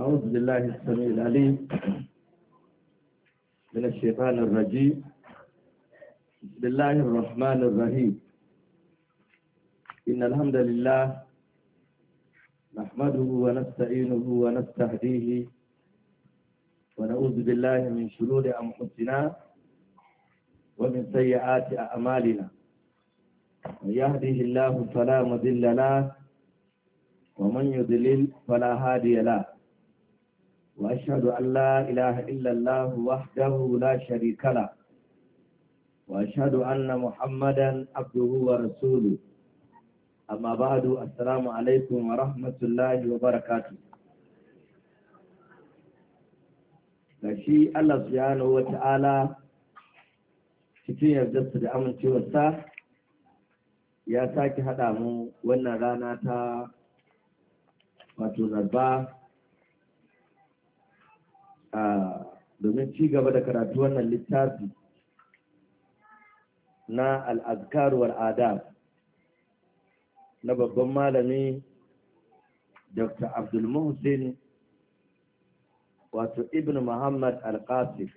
أعوذ بالله السميع العليم من الشيطان الرجيم بسم الله الرحمن الرحيم إن الحمد لله نحمده ونستعينه ونستهديه ونعوذ بالله من شرور أنفسنا ومن سيئات أعمالنا من يهده الله فلا مضل له ومن يضلل فلا هادي له وأشهد أن لا إله إلا الله وحده لا شريك له وأشهد أن محمدا عبده ورسوله أما بعد السلام عليكم ورحمة الله وبركاته Gashi Allah subhanahu wa ta'ala cikin yardarsa da amincewarsa ya sake haɗa mu wannan rana ta wato zarba domin ci gaba da karatu wannan littafi na al'azkar na babban malami dr abdul muhsin wato ibn muhammad al-qasif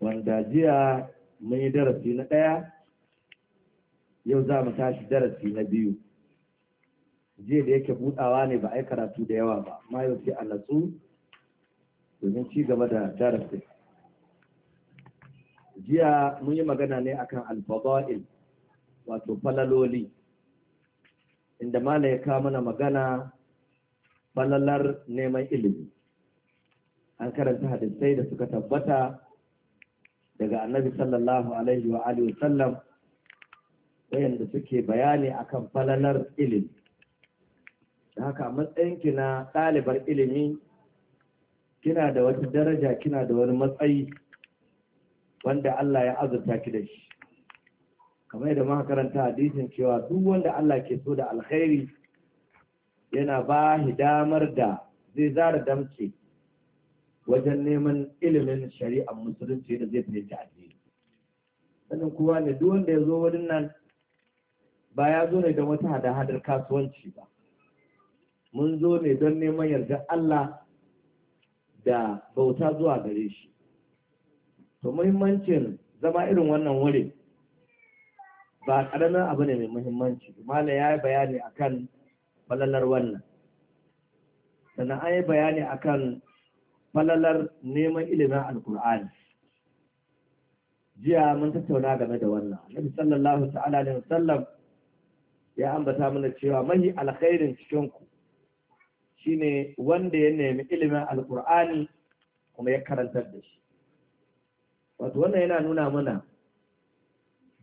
wanda jiya mun yi darasi na ɗaya yau za mu tashi darasi na biyu jiya da yake budawa ne ba a yi karatu da yawa ba amma yau sai a natsu domin ci gaba da darasi. jiya mun yi magana ne akan alfada'il wato falaloli inda mala ya kawo mana magana falalar neman ilimi an karanta hadisai da suka tabbata daga annabi sallallahu alaihi wa alihi wasallam wayanda suke bayani akan falalar ilimi da haka matsayinki na ɗalibar ilimi kina da wata daraja kina da wani matsayi wanda Allah ya azurta ki da shi kamar yadda muka karanta hadisin cewa duk wanda Allah ke so da alkhairi yana ba shi damar da zai zara damce wajen neman ilimin shari'ar musulunci da zai fahimci addini sannan kuma ne duk wanda ya zo wurin nan ba ya zo ne don wata hada-hadar kasuwanci ba mun zo ne don neman yardar Allah da bauta zuwa gare shi to muhimmancin zama irin wannan wuri ba ƙaramin abu ne mai muhimmanci mala ya yi bayani akan falalar wannan sannan an yi bayani akan falalar neman ilimin alkur'ani jiya mun tattauna game da wannan nabi sallallahu ta'ala alaihi wasallam ya ambata mana cewa mahi alkhairin cikin ku shine wanda ya nemi ilimin alkur'ani kuma ya karantar da shi wato wannan yana nuna mana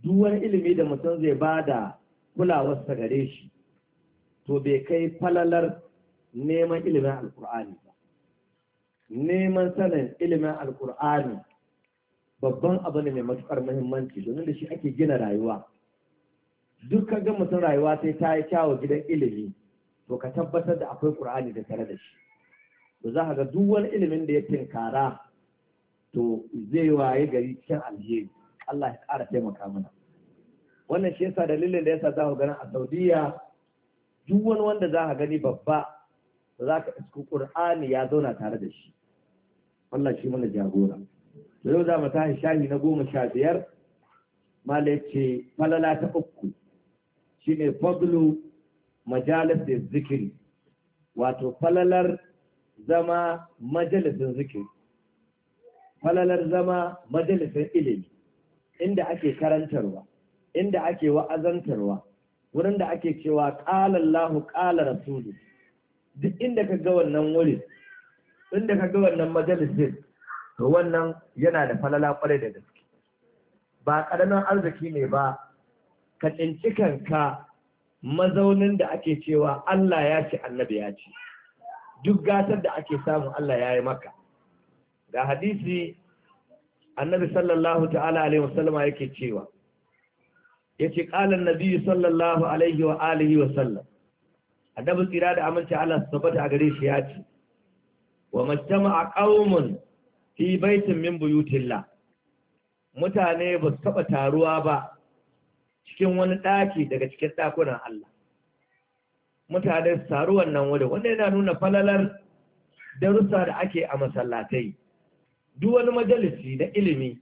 duk wani ilimi da mutum zai ba da kulawarsa gare shi to bai kai falalar neman ilimin alkur'ani ba neman sanin ilimin alkur'ani babban abu ne mai matukar muhimmanci domin da shi ake gina rayuwa duk ka ga mutum rayuwa sai ta yi kyawo gidan ilimi to ka tabbatar da akwai ƙur'ani da tare da shi to za ka ga duk wani ilimin da ya tinkara to zai waye gari cikin alheri Allah ya ƙara taimaka mana wannan shi yasa dalilin da yasa za ku gani a Saudiya duk wani wanda za ka gani babba za ka isku ƙur'ani ya zauna tare da shi wannan shi mana jagora to yau za mu tashi shahi na goma sha biyar mala ce falala ta uku shine fadlu majalis da zikiri wato falalar zama majalisin zikiri falalar zama majalisin ilimi inda ake karantarwa inda ake wa'azantarwa wurin da ake cewa "ƙalallahu Allahu ƙala Rasulu duk inda ka ga wannan wuri inda ka ga wannan majalisin to wannan yana da falala kwarai da gaske ba ƙaramin arziki ne ba ka tsinci kanka mazaunin da ake cewa Allah ya ce annabi ya ce duk gatar da ake samu Allah ya yi maka ga hadisi annabi sallallahu ta'ala alaihi wasallama yake cewa yace qala annabi sallallahu alaihi wa alihi wa sallam annabi tsira da aminci Allah su tabbata a gare shi ya ce wa majtama'a qaumun fi baitin min buyutillah mutane ba su taba taruwa ba cikin wani ɗaki daga cikin ɗakunan Allah mutane su taru wannan wuri, wanda yana nuna falalar darussa da ake a masallatai duk wani majalisi na ilimi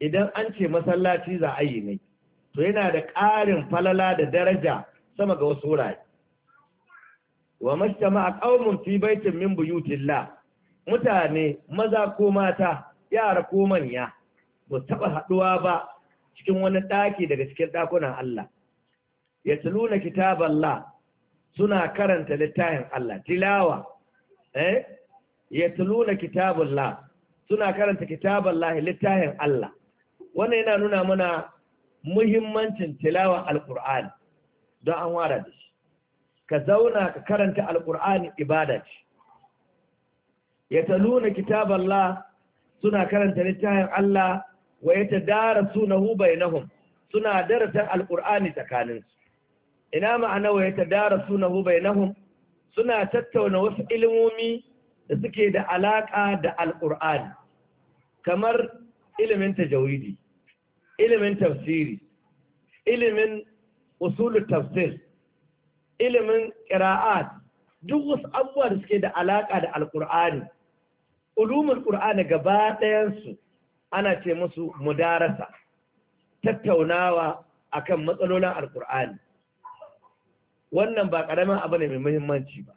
idan an ce masallaci za a yi ne to yana da ƙarin falala da daraja sama ga wasu wurare wa mashtama qaumun fi baitin min buyutillah mutane maza ko mata yara ko manya ba taɓa haɗuwa ba cikin wani ɗaki daga cikin ɗakunan Allah ya tuluna La suna karanta littafin Allah tilawa eh ya tuluna La suna karanta La littafin Allah wannan yana nuna mana muhimmancin tilawa alqur'ani don an wara da shi ka zauna ka karanta alqur'ani ibada ce ya tuluna La suna karanta littafin Allah wa ya tadarasunahu bainahum suna darasin Alkur'ani tsakaninsu ina ma'ana wa ya tadarasunahu bainahum suna tattauna wasu ilimomi da suke da alaka da Alkur'ani? kamar ilimin tajawidi ilimin tafsiri ilimin usulu tafsir ilimin qira'at duk wasu abubuwa da suke da alaka da Alkur'ani, ulumul qur'ani gaba ɗayansu. ana ce musu mudarasa tattaunawa akan matsalolin alkur'ani wannan ba karamin abu ne mai muhimmanci ba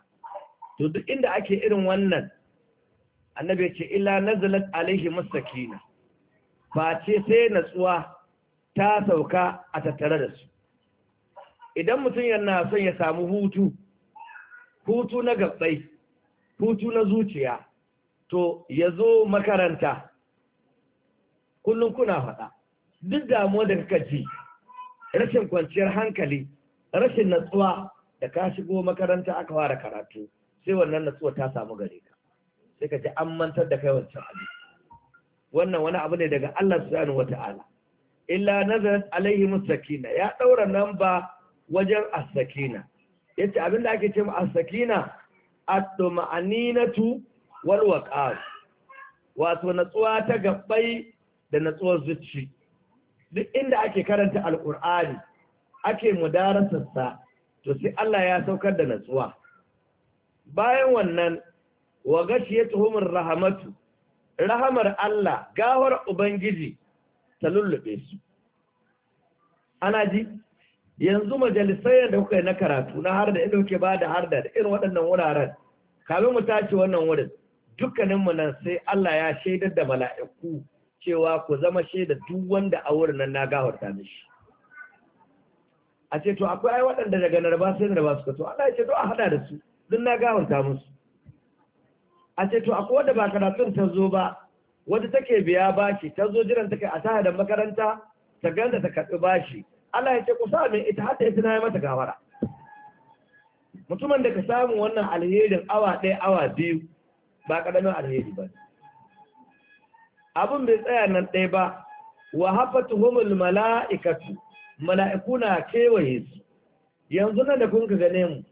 to duk inda ake irin wannan annabi ce illa nazalat alaihi masakina ba ce sai natsuwa ta sauka a tattare da su idan mutum yana son ya samu hutu hutu na gabbai hutu na zuciya to ya zo makaranta kullum kuna faɗa duk damuwa da kaka ji rashin kwanciyar hankali rashin natsuwa da ka shigo makaranta aka fara karatu sai wannan natsuwa ta samu gare ka sai ka ji an mantar da kai wancan abin wannan wani abu ne daga Allah subhanahu wata'ala illa nazarat alaihi musakina ya daura nan ba wajen as-sakina yace abin da ake cewa as-sakina at-tuma'aninatu wal waqar wato natsuwa ta gabbai da natsuwar zuci duk inda ake karanta alkur'ani ake mudarasarsa to sai Allah ya saukar da natsuwa bayan wannan wa tuhumin rahamatu rahamar Allah gawar ubangiji ta lullube su ana ji yanzu majalisai da kuka yi na karatu na har da inda kuke ba da har da irin waɗannan wuraren kafin mu tashi wannan wurin dukkaninmu nan sai Allah ya shaidar da mala'iku cewa ku zama shaida duk wanda a wurin nan na gawarta mishi a ce to akwai waɗanda daga narba sai narba suka to Allah ya ce to a hada da su duk na gawarta musu a ce to akwai wanda ba karatun ta zo ba wanda take biya bashi ta zo jiran take a tsaya da makaranta ta ganda ta karɓi bashi Allah ya ce ku sa min ita har ita na yi mata gawara mutumin da ka samu wannan alherin awa ɗaya awa biyu ba ƙaramin alheri ba ne abin bai tsaya nan ɗaya ba wa hafatuhumul mala'ikatu mala'iku na kewaye su yanzu nan da kunka gane mu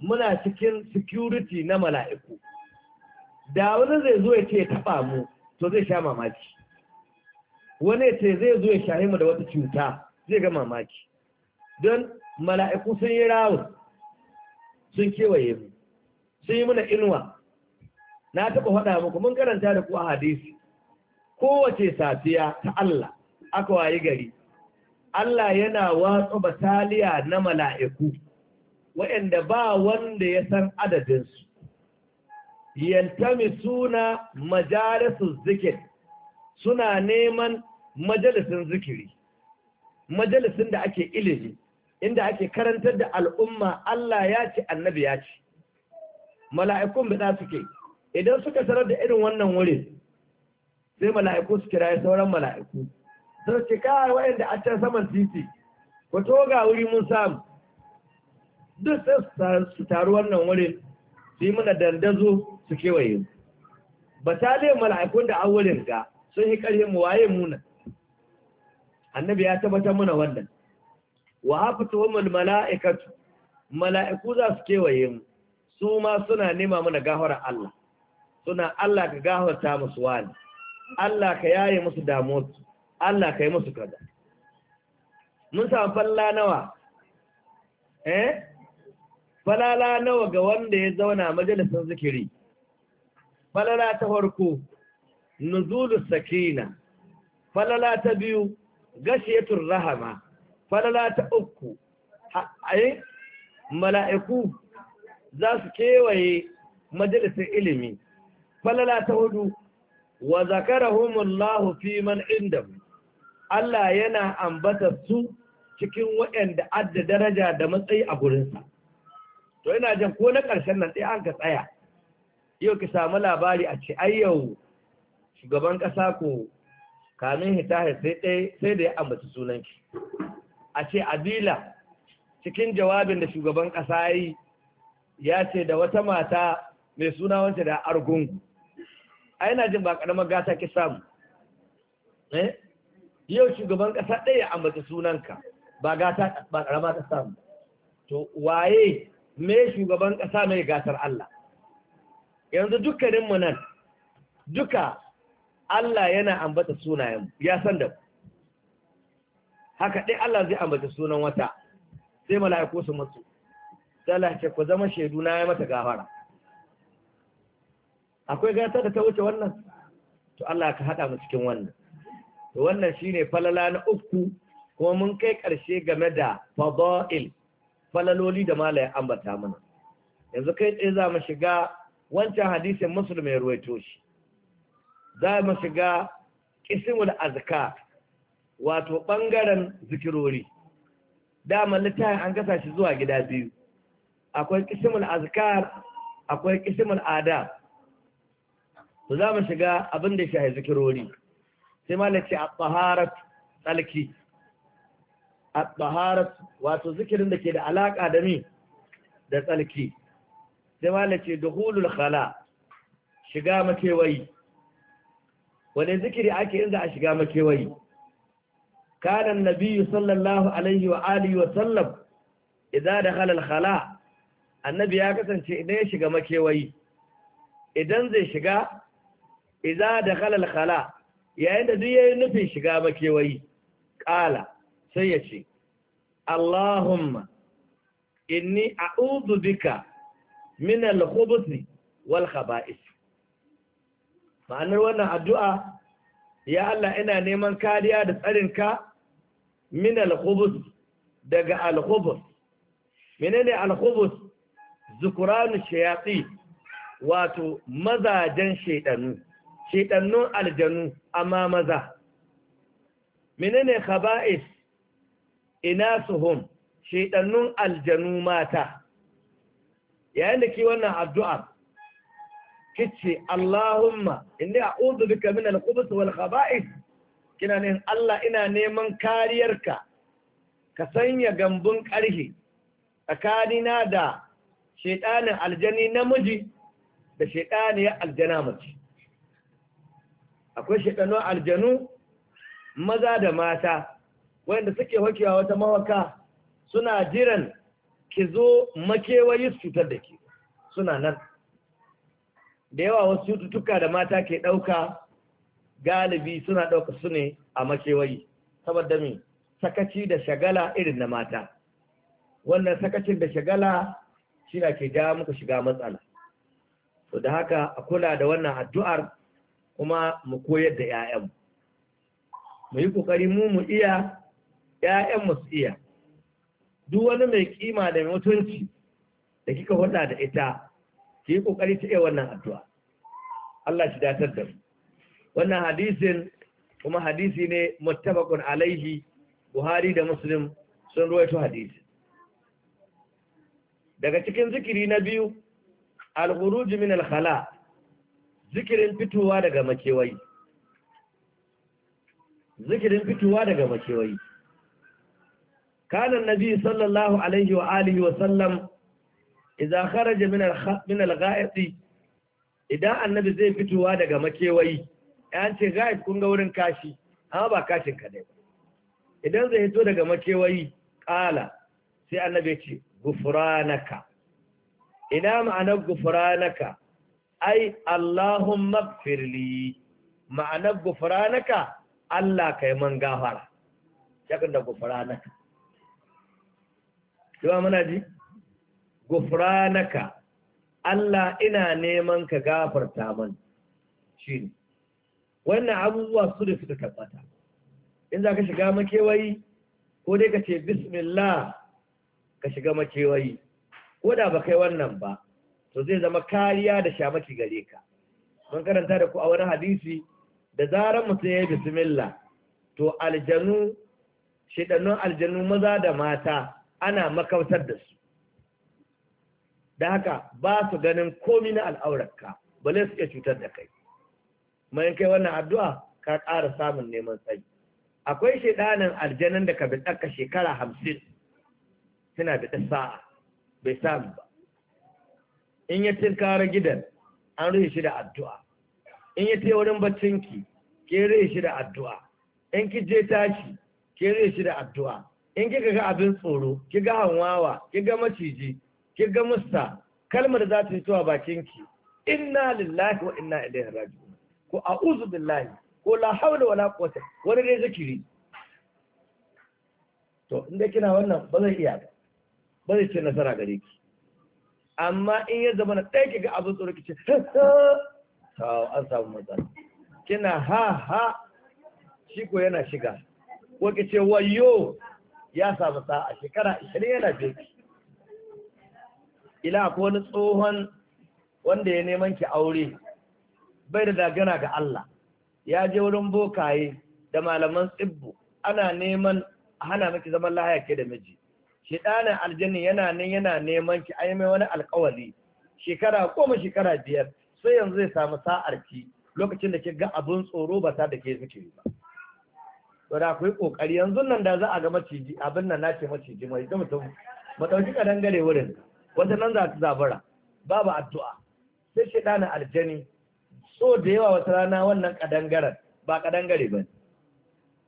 muna cikin security na mala'iku da wani zai zo ya ce ya taɓa mu to zai sha mamaki wani ya ce zai zo ya shahi mu da wata cuta zai ga mamaki don mala'iku sun yi rawun sun kewaye mu sun yi muna inuwa na taɓa faɗa muku mun karanta da ku a hadisi kowace safiya ta Allah aka wayi gari Allah yana watsa bataliya na mala'iku waɗanda ba wanda ya san adadinsu yantami suna majalisun zikir suna neman majalisun zikiri majalisun da ake ilimi inda ake karantar da al'umma Allah ya ce annabi ya ce mala'ikun bida suke idan suka tarar da irin wannan wurin sai mala'iku su kiraye sauran mala'iku sun ce kawai wayanda a can saman titi ku ga wuri mun samu duk sai su taru wannan wurin su yi mana dandazo su kewaye le mala'ikun da wurin ga sun yi ƙarfin waye muna annabi ya tabbatar mana wannan wa hafatu wa mala'ikatu mala'iku za su kewaye mu su ma suna nema mana gahara Allah suna Allah ka ta musu wani Allah ka yaye musu damuwarsu Allah ka yi musu kaza mun samu falla nawa eh falala nawa ga wanda ya zauna majalisar zikiri falala ta farko nuzulus sakina falala ta biyu gashiyatul rahama falala ta uku ai eh? mala'iku za su kewaye majalisar ilimi falala ta hudu wa zakarahumullahu fi man indam Allah yana ambata su cikin waɗanda adda daraja da matsayi a gurinsa to ina jan ko na ƙarshen nan sai an ka tsaya yau ki samu labari a ce ai yau shugaban ƙasa ko kamin hita sai sai da ya ambaci sunanki a ce abila cikin jawabin da shugaban ƙasa yi ya ce da wata mata mai suna wanda da argungu a yana jin ba karamar gata ki samu eh yau shugaban kasa ɗaya a mace sunanka ba gata ba karama ta samu to waye me shugaban kasa mai gatar Allah yanzu dukkanin mu nan duka Allah yana ambata sunayen ya san da haka dai Allah zai ambata sunan wata sai mala'iku su mutu sai Allah ya ce ku zama shaidu na ya mata gafara akwai gata da ta wuce wannan to Allah ka haɗa mu cikin wannan to wannan shine falala na uku kuma mun kai ƙarshe game da fada'il falaloli da malaya ambata mana yanzu kai tsaye za mu shiga wancan hadisin muslim ya ruwaito shi za mu shiga kisimul azka wato ɓangaren zikirori dama littafin an gasa shi zuwa gida biyu akwai kisimul azkar akwai kisimul adab to za mu shiga abin da shahi zikirori sai ce a tsaharat tsalki a tsaharat wato zikirin da ke da alaƙa da mi da tsalki sai da duhulul khala shiga makewayi wani zikiri ake inda a shiga makewayi kanan biyu sallallahu alaihi wa alihi wa sallam idan da halal khala annabi ya kasance idan ya shiga makewayi idan zai shiga Iza da khalal khala yayin da duk yayin nufin shiga makewayi qala sai ya ce Allahumma inni a'udhu bika min al-khubuthi wal khaba'ith ma'anar wannan addu'a ya Allah ina neman kariya da tsarinka min al khubuth daga al khubuth menene al khubuth zukuranu shayati wato mazajen shaidanu shiɗannun aljanu amma maza menene khaba'is ina suhun shiɗannun aljanu mata yayin da ki wannan addu'a kice Allahumma inni a'udhu duka min al wal khaba'is kina ne Allah ina neman kariyarka ka sanya gambun ƙarhe tsakanina da shaiɗanin aljani namiji da shaiɗaniyar aljana mace akwai shaɗanon aljanu maza da mata wanda suke wakewa wata mawaka suna jiran ki zo makewayi su cutar da ke suna nan da yawa wasu cututtuka da mata ke ɗauka galibi suna ɗauka su ne a makewayi saboda mai sakaci da shagala irin na mata wannan sakacin da shagala shi ke ja muka shiga matsala to da haka a kula da wannan addu'ar kuma mu koyar da 'ya'yan mu yi ƙoƙari mu mu iya 'ya'yan su iya duk wani mai kima da mutunci da kika hada da ita ki yi ƙoƙari ta iya wannan addu'a Allah shi da mu wannan hadisin kuma hadisi ne muttabaqun alaihi Buhari da Muslim sun ruwaito hadisi daga cikin zikiri na biyu al ghuruj min al-khala zikirin fitowa daga makewayi zikirin fitowa daga makewayi kana nabi sallallahu alaihi wa alihi wa sallam idza kharaja min al min al gha'iti idan annabi zai fitowa daga makewayi an ce ga'id kun ga wurin kashi amma ba kashin ka dai idan zai fito daga makewayi kala sai annabi ya ce gufranaka ina ma'anar gufranaka ai Allahumma firli ma'anar gufranaka Allah kai man gafara shakin da gufranaka Yawa mana ji? Gufranaka Allah ina neman ka gafarta man shi ne. Wannan abubuwa su da suka tabbata. In za ka shiga makewayi, ko dai ka ce Bismillah ka shiga makewayi, ko da ba kai wannan ba, to zai zama kariya da shamaki gare ka mun karanta da ku a wani hadisi da zarar mutum ya yi bismillah to aljanu shidannun aljanu maza da mata ana makautar da su da haka ba su ganin komi na al'aurarka ba su iya cutar da kai mayan kai wannan addu'a ka ƙara samun neman tsayi akwai shaidanin aljanin da ka bi ɗaka shekara hamsin suna bi sa'a bai samu ba in ya tinkara gidan an rufe shi da addu'a in ya te wurin baccinki ke rufe shi da addu'a in ki je tashi ke rufe shi da addu'a in ki ga abin tsoro ki ga hanwawa ki ga maciji ki ga musta kalmar za ta fito a bakinki inna lillahi wa inna ilaihi raji'un ko a'udhu billahi ko la hawla wala quwwata wani dai zikiri to inda kina wannan ba zai iya ba zai ce nasara gare ki amma in ya zama na ɗaya ga abin tsoro kice an samu matsala kina ha ha shi ko yana shiga ko kice wayo ya samu sa a shekara ishirin yana biki. ila ko wani tsohon wanda ya neman ki aure bai da dagana ga Allah ya je wurin bokaye da malaman tsibbu ana neman hana miki zaman lahaya ke da miji ɗanin aljanni yana nan yana neman ki ai mai wani alƙawari shekara goma shekara biyar sai yanzu zai samu sa'ar ki lokacin da ki ga abin tsoro ba ta da ke suke ba to da akwai kokari yanzu nan da za a ga maciji abin nan nace maciji mai da mutum mu dauki kadan gare wurin wata nan za ta zabura babu addu'a sai ɗanin aljani so da yawa wata rana wannan kadangaren ba kadangare ba ne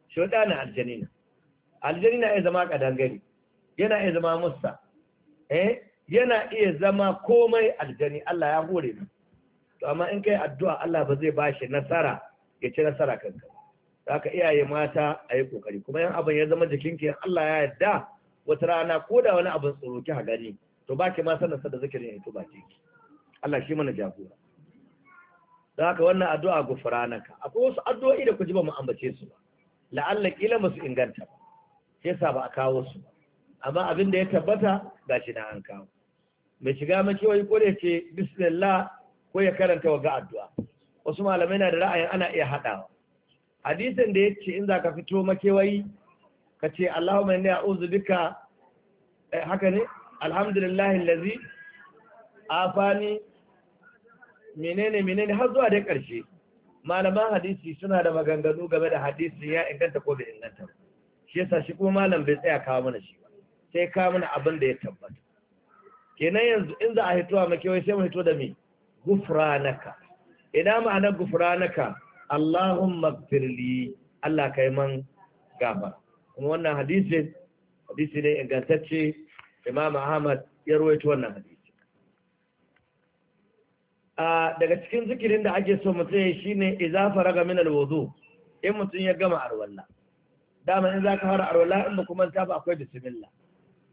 shedanin aljanni na aljanni na iya zama kadangare yana iya zama musta eh yana iya zama komai aljani Allah ya hore ni to amma in kai addu'a Allah ba zai bashi nasara ya ci nasara kanka haka iyaye mata a yi kokari kuma yan abin ya zama jikin ki Allah ya yarda wata rana ko da wani abin tsoro ki gani to ba ki ma sanin sa da zikirin ya ba ki Allah shi mana jagora don haka wannan addu'a gufranaka akwai wasu addu'o'i da ku ji ba mu ambace su ba la'alla kila musu inganta ba sai sa ba a kawo su ba amma abin da ya tabbata ga shi na an kawo mai shiga makewayi ko da ya ce bismillah ko ya karanta wa ga addu'a wasu malamai na da ra'ayin ana iya haɗawa hadisin da ya ce in za ka fito makewayi ka ce Allahumma inni a'udhu bika eh, haka ne alhamdulillah allazi afani menene menene har zuwa dai ƙarshe malaman hadisi suna da maganganu game da hadisin ya inganta ko bai inganta shi yasa shi kuma malam bai tsaya kawo mana shi sai ka mana abin da ya tabbata kenan yanzu in za a hitowa makewai sai mu hito da mi gufranaka ina ma'ana gufranaka Allahumma firli Allah kai man gafara kuma wannan hadisi hadisi ne ingantacce Imam Ahmad ya rawaito wannan hadisi a daga cikin zikirin da ake so mutum ya shi shine izafa raga min alwudu in mutum ya gama arwalla dama in ka fara arwalla in ba kuma ta ba akwai bismillah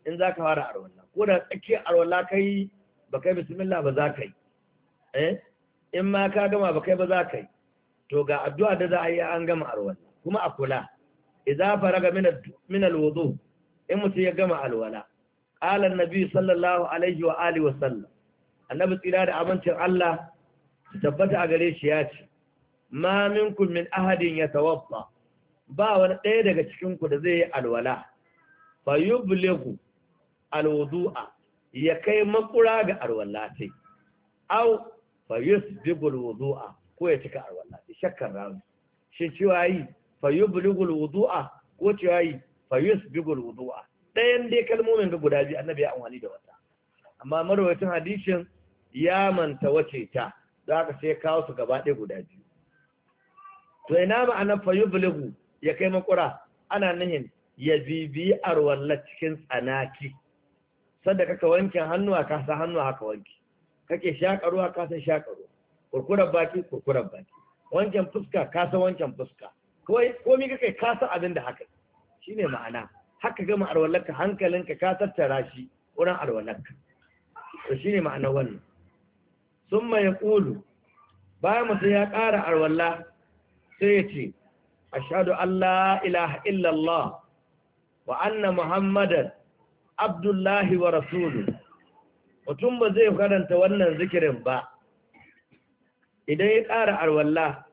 in za ka fara arwalla ko da tsakiyar arwalla ka yi ba kai bismillah ba za ka yi eh in ma ka gama ba kai ba za ka yi to ga addu'a da za a yi an gama arwalla kuma a kula idza faraga min alwudu in mutum ya gama alwala qala annabi sallallahu alaihi wa alihi wa sallam annabi tsira da abincin Allah tabbata a gare shi ya ce ma minkum min ahadin yatawaffa ba wani ɗaya daga cikin ku da zai yi alwala Fa fayublighu alwudu'a ya kai makura ga arwallati au fa yusbigu alwudu'a ko ya cika arwallati shakkan rawi shi cewa yi fa yubligul alwudu'a ko cewa yi fa yusbigul wudu'a ɗayan dai kalmomin ga guda biyu annabi ya amfani da wata amma marwacin hadisin ya manta wace ta za ka sai kawo su gaba ɗaya guda to ina ma'ana fa yublighu ya kai makura ana nihin ya bibiyi arwallati cikin tsanaki sanda kaka wankin hannu a kasa, hannu haka wanki kake shakaru a kasa shakaru shaƙa kurkurar baki kurkurar baki wankin fuska kasa wankin fuska kawai komai kake ka abin da haka shine ma'ana haka gama arwalarka hankalinka ka tattara shi wurin arwalarka to shine ma'ana wannan summa Kulu, bayan mutum ya ƙara arwala sai ya ce a an Allah, ilaha illallah wa anna muhammadan abdullahi wa rasulu mutum ba zai karanta wannan zikirin ba idan ya ƙara arwalla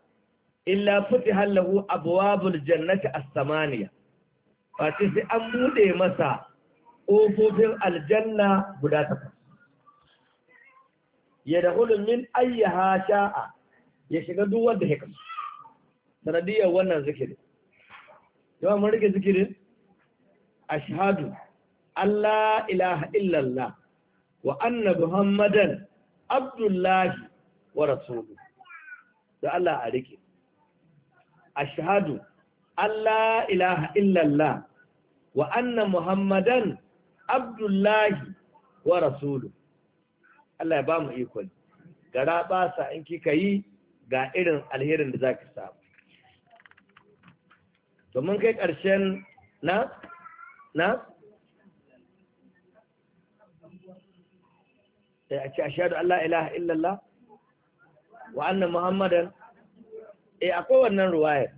illa fiti hallahu abuwabul jannati a samaniya fati sai an bude masa ƙofofin aljanna guda takwas ya da min ayyaha sha'a ya shiga duk wanda ya sanadiyar wannan zikirin yawan mun rike zikirin shahadu. Allah ilaha illallah wa anna Muhammadan Abdullahi wa Rasulu. Da Allah a rike. Ashhadu Allah ilaha illallah wa anna Muhammadan Abdullahi wa Rasulu. Allah ya ba mu ikon. Gara ba sa in kika yi ga irin alherin da za ki samu. To mun kai ƙarshen na? Na? Eh, a ce shaɗu Allah ilaha illallah wa annan muhammadan e akwai wannan ruwayar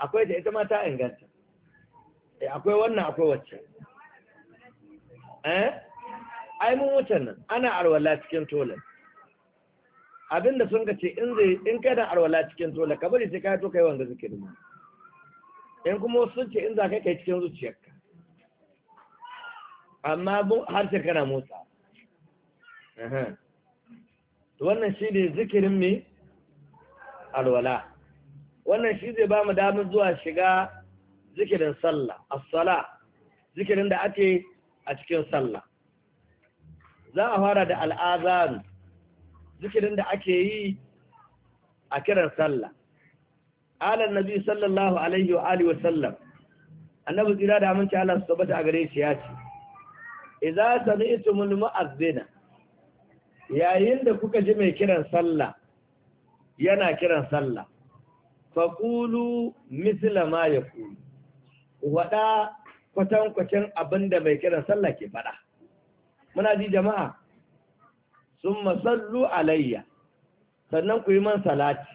akwai da ita ma ta inganta e akwai wannan akwai wacce eh ai mun wuce nan ana arwala cikin tola abinda sun ka ce in zai in kai da arwala cikin tola ka bari sai ka to kai wanga zikirin in kuma sun ce in za ka kai cikin zuciyarka amma har sai kana motsa wannan shi ne zikirin mai alwala wannan shi zai ba mu damar zuwa shiga zikirin sallah as zikirin da ake a cikin sallah za a fara da al'azan zikirin da ake yi a kiran sallah alan nabi sallallahu alaihi wa alihi wa sallam annabi tsira da aminci Allah su tabbata a gare shi ya ce idza sami'tumul mu'azzina yayin da kuka ji mai kiran sallah yana kiran sallah faƙulu misla ma ya ƙulu waɗa kwatankwacin abin da mai kiran sallah ke faɗa muna ji jama'a sun masallu alayya sannan ku yi man salati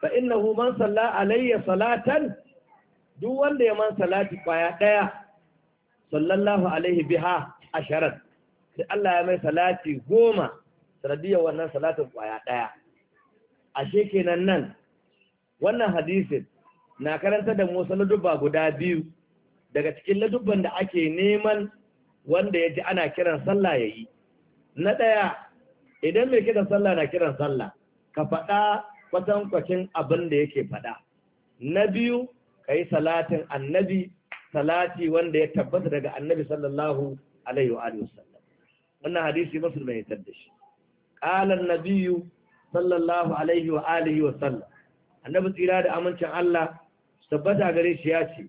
fa innahu man salla alayya salatan duk wanda ya man salati kwaya ɗaya sallallahu alaihi biha asharat sai Allah ya mai salati goma sanadiyar wannan salatin kwaya ɗaya ashe kenan nan wannan hadisin na karanta da musa ladubba guda biyu daga cikin ladubban da ake neman wanda ya ji ana kiran sallah ya yi na ɗaya idan mai kiran sallah na kiran sallah ka faɗa kwatankwacin abin da yake faɗa na biyu ka yi salatin annabi salati wanda ya tabbata daga annabi sallallahu alaihi wa sallam wannan hadisi musulmi ya tar da shi an nabiyyu sallallahu alaihi wa alihi wa sallam annabi tsira da amincin Allah tabbata gare shi ya ce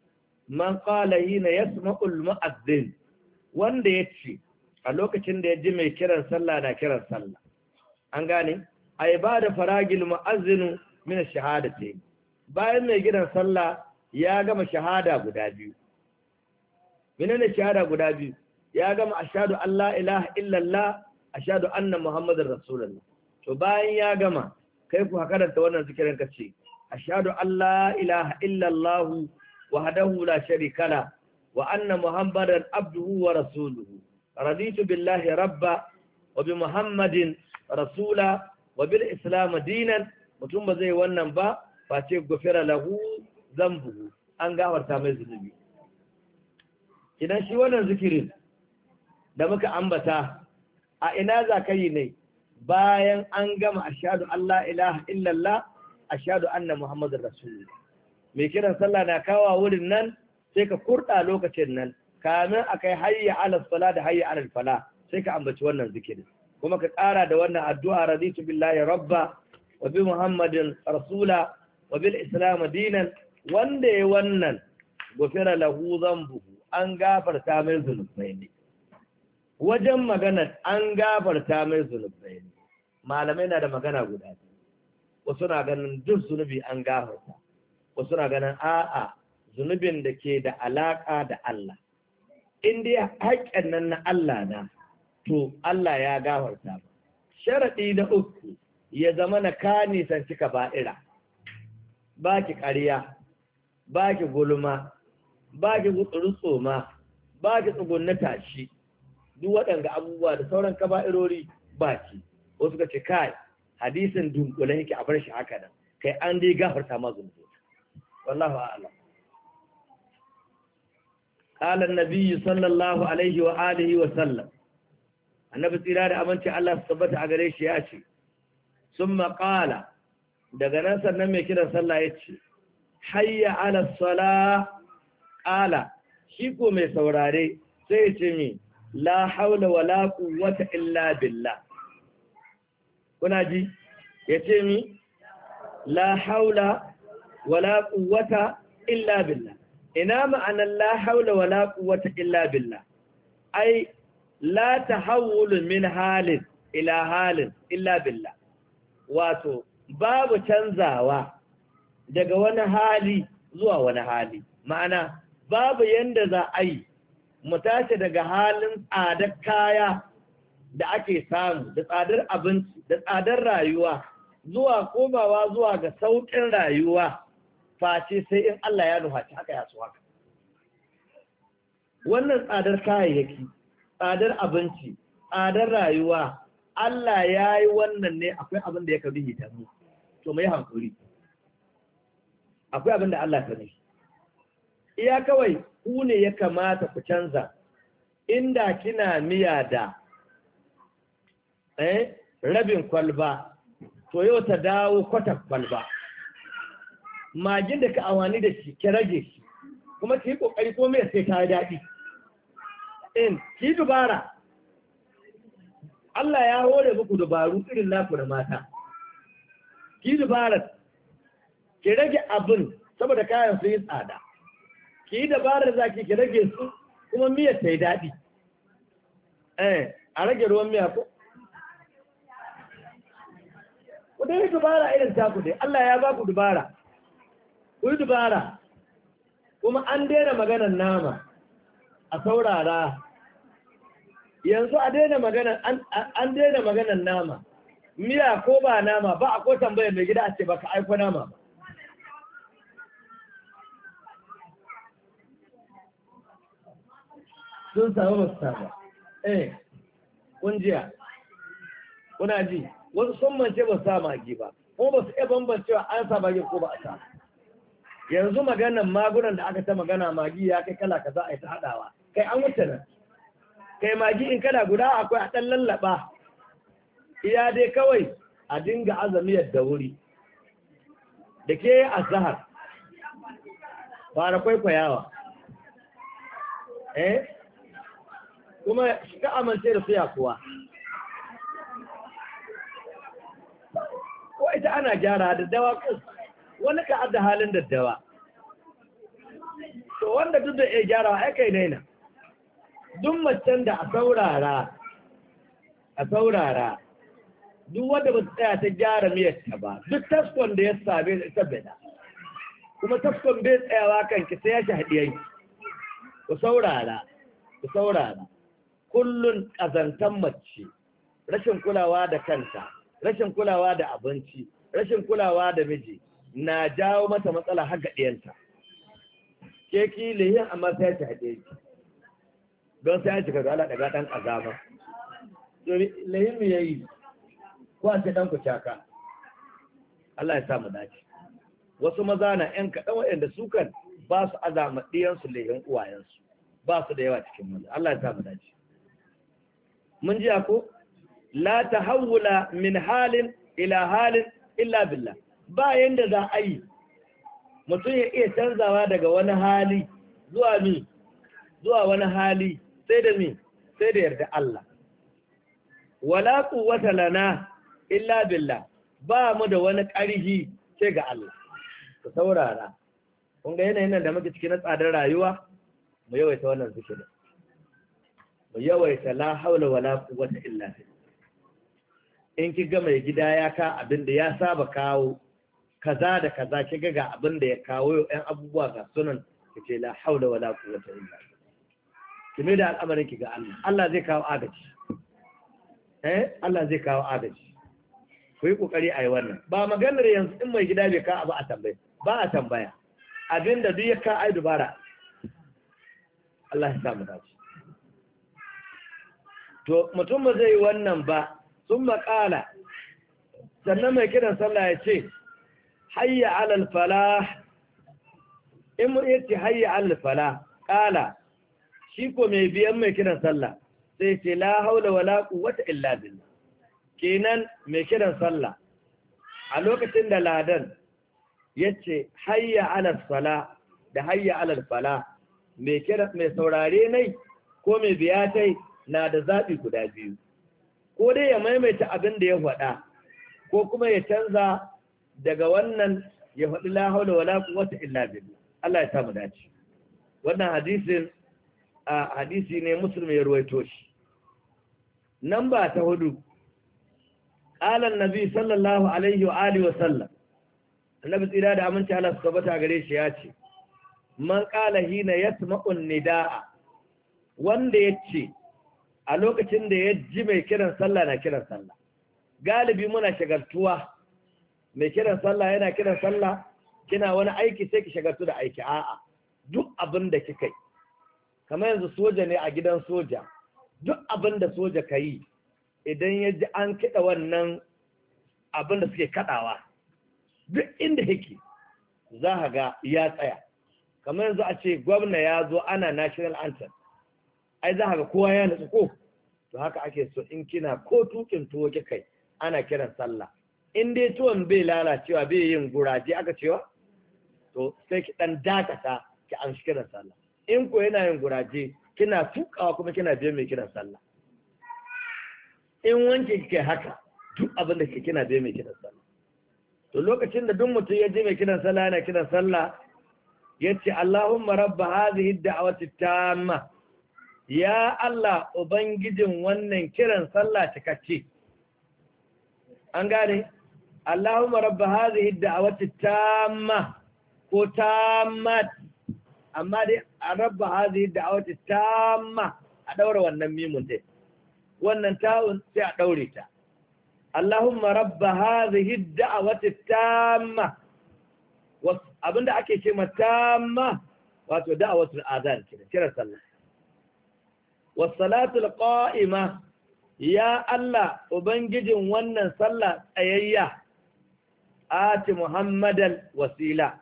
man qala hina al mu'adhdhin wanda ya ce a lokacin da ya ji mai kiran sallah na kiran sallah an gane a yi ba da faragil ma'azinu min shahada shahadatayn bayan mai gidan sallah ya gama shahada guda biyu menene shahada guda biyu ya gama ashadu Allah ilaha illallah ashadu anna muhammadin rasulullah to bayan ya gama kai ku hakaranta wannan zikirin ka ce ashadu Allah ilaha illallah wahdahu la sharika wa anna muhammadan abduhu wa rasuluhu raditu billahi rabba wa bi muhammadin rasula wa bil islam dinan mutum ba zai wannan ba face gofira lahu zambuhu an gafarta mai zunubi idan shi wannan zikirin da muka ambata a ina za ka yi ne bayan an gama ashadu Allah ilaha illallah ashadu anna Muhammadun Rasulullah. Mai kiran sallah na kawa wurin nan sai ka kurɗa lokacin nan kamin a kai hayya alal fala da hayya alal fala sai ka ambaci wannan zikirin kuma ka ƙara da wannan addu'a raditu billahi rabba wa bi Muhammadin rasula wa bil islam dinan wanda ya wannan gufira lahu buhu an gafarta mai zunubai ne wajen magana an gafarta mai zunubai malamai na da magana guda wasu na ganin duk zunubi an gafarta wasu na ganin a'a zunubin da ke da alaƙa da Allah in ya haƙƙin nan na Allah na to Allah ya gafarta ba sharaɗi na uku ya zama na ka nisan cika ba'ira ba ki ƙarya ba ki gulma ba ki gutsuru tsoma ba ki tsugunna shi duk waɗanda abubuwa da sauran kaba'irori ba ki wasu suka ce kai hadisin dunkulen yake a bar shi haka nan kai an dai gafarta ma zunubi wallahu a'lam qala an-nabiy sallallahu alaihi wa alihi wa sallam annabi tsira da aminci Allah su tabbata a gare shi ya ce summa qala daga nan sannan mai kiran sallah yace. hayya ala salah qala shi ko mai saurare sai ya ce mi la haula wala quwwata illa billah kuna ji yace mi la haula wala quwwata illa billah ina ma'ana la haula wala quwwata illa billah ai la tahawulu min halin ila halin illa billah wato babu canzawa daga wani hali zuwa wani hali ma'ana babu yanda za a yi mu tashi daga halin tsadar kaya da ake samu da tsadar abinci da tsadar rayuwa zuwa komawa zuwa ga sauƙin rayuwa face sai in Allah ya nufaci haka ya su haka wannan tsadar kayayyaki tsadar abinci tsadar rayuwa Allah ya yi wannan ne akwai abin da ya kabi hitar mu to mai hankuri akwai abin da Allah ta ne iya kawai ku ne ya kamata ku canza inda kina miya da eh rabin kwalba to yau ta dawo kwata kwalba magin da ka awani da shi ki rage shi kuma ki yi kokari ko mai sai ta daɗi in ki dubara Allah ya hore muku dubaru irin naku da mata ki dubara ki rage abin saboda kayan sun yi tsada ki yi dabarar za ki rage su kuma miyar ta yi daɗi eh, a rage ruwan miya ko ku dai dubara irin taku dai Allah ya ba ku dubara ku yi dubara kuma an daina maganar nama a saurara yanzu a daina maganar an daina maganar nama miya ko ba nama ba a ko tambayar mai gida a ce ba ka aiko nama ba sun samu ba su eh kun jiya kuna ji wasu sun mance ba sa magi ba kuma ba su iya bambancewa an sa magi ko ba a sa yanzu maganan magunan da aka ta magana magi ya kai kala kaza a yi ta haɗawa kai an wuce nan kai magi in kana guda akwai a ɗan lallaɓa iya dai kawai a dinga azami da wuri da ke a zahar fara kwaikwayawa eh kuma ka amince da suya kuwa ko ita ana gyara daddawa wani ka adda halin daddawa to wanda duk da ya gyara ai kai daina duk macen da a saurara a saurara duk wanda ba tsaya ta gyara ta ba duk taskon da ya sabe da ita bada kuma taskon bai tsayawa kanki sai ya shahadiyanki ku saurara ku saurara kullun kazantan mace rashin kulawa da kanta rashin kulawa da abinci rashin kulawa da miji na jawo mata matsala har ga ɗiyanta ke kilihin amma sai ta haɗe ki don sai ya cika da ala daga ɗan azaba domin lahin mu yayi ko a ce ɗan ku caka Allah ya sa mu dace wasu maza na ƴan kaɗan waɗanda su kan ba su azama ɗiyansu lihin uwayensu ba su da yawa cikin mu. Allah ya sa mu dace mun ji ko la tahawula min halin ila halin illa billah ba yanda za a yi mutum ya iya canzawa daga wani hali zuwa mi zuwa wani hali sai da mi sai da yarda Allah wala quwwata lana illa billah ba mu da wani ƙarfi sai ga Allah ku saurara kun ga yanayin da muke cikin tsadar rayuwa mu yawaita wannan zikirin yawaita la haula wala quwwata illa billah in ki ga mai gida ya ka abin da ya saba kawo kaza da kaza ki ga ga abin da ya kawo yan abubuwa ga sunan kace la haula wala quwwata illa ki da al'amarin ki ga Allah Allah zai kawo agaji eh Allah zai kawo agaji ku yi kokari a yi wannan ba maganar yanzu in mai gida bai ka abu a tambaye ba a tambaya abin da duk ya ka ai dubara Allah ya samu dace to mutum ba zai wannan ba sun makala sannan mai kiran sallah ya ce hayya alal fala in mu ya ce hayya alal fala kala shi ko mai biyan mai kiran sallah sai ce la haula wala quwwata illa billah kenan mai kiran sallah a lokacin da ladan ya ce, hayya alal fala da hayya alal fala mai kiran mai saurare nai ko mai biya tai na da zaɓi guda biyu ko dai ya maimaita abin da ya faɗa ko kuma ya canza daga wannan ya faɗi lahaula wa laƙu wata illa biyu. Allah ya samu dace wannan hadisin a hadisi ne musulmi ya ruwaito shi ba ta hudu Ƙalan nabi sallallahu alaihi wa alihi wa sallam annabi tsira da aminci Allah su kabata gare shi ya ce man ƙala hina yasma'u nidaa wanda ya ce. a lokacin da ya ji mai kiran sallah na kiran sallah galibi muna shagaltuwa mai kiran sallah yana kiran sallah kina wani aiki sai ki shagaltu da aiki a'a duk abin da kika yi kamar yanzu soja ne a gidan soja duk abin da soja ka yi idan ya ji an kiɗa wannan abin da suke kaɗawa duk inda yake za ga ya tsaya kamar yanzu a ce gwamna ya zo ana national anthem ai za ka kowa ya nutsu ko to haka ake so in kina ko tukin tuwo kikai ana kiran sallah in dai tuwon bai lalacewa bai yin guraje aka cewa to sai ki dan dakata ki an kiran sallah in ko yana yin guraje kina tukawa kuma kina biyan mai kiran sallah in wanke kike haka duk abin da kina biyan mai kiran sallah to lokacin da duk mutum ya je mai kiran sallah yana kiran sallah yace Allahumma rabba hadhihi ad-da'wati tamma ya Allah Ubangijin wannan kiran sallah cikacce. An gane, Allahumma rabba hadhihi da'awati tamma ko tammat, amma dai a rabba hazihi da'awati tamma a ɗaura wannan mimun dai. Wannan ta'un sai a daure ta. Allahumma rabba hadhihi da'awati tamma, abinda ake ce ma tamma wato da'awatul azan kiran sallah. wasalatul qa'ima ya Allah ubangijin wannan sallah tsayayya ati muhammadal wasila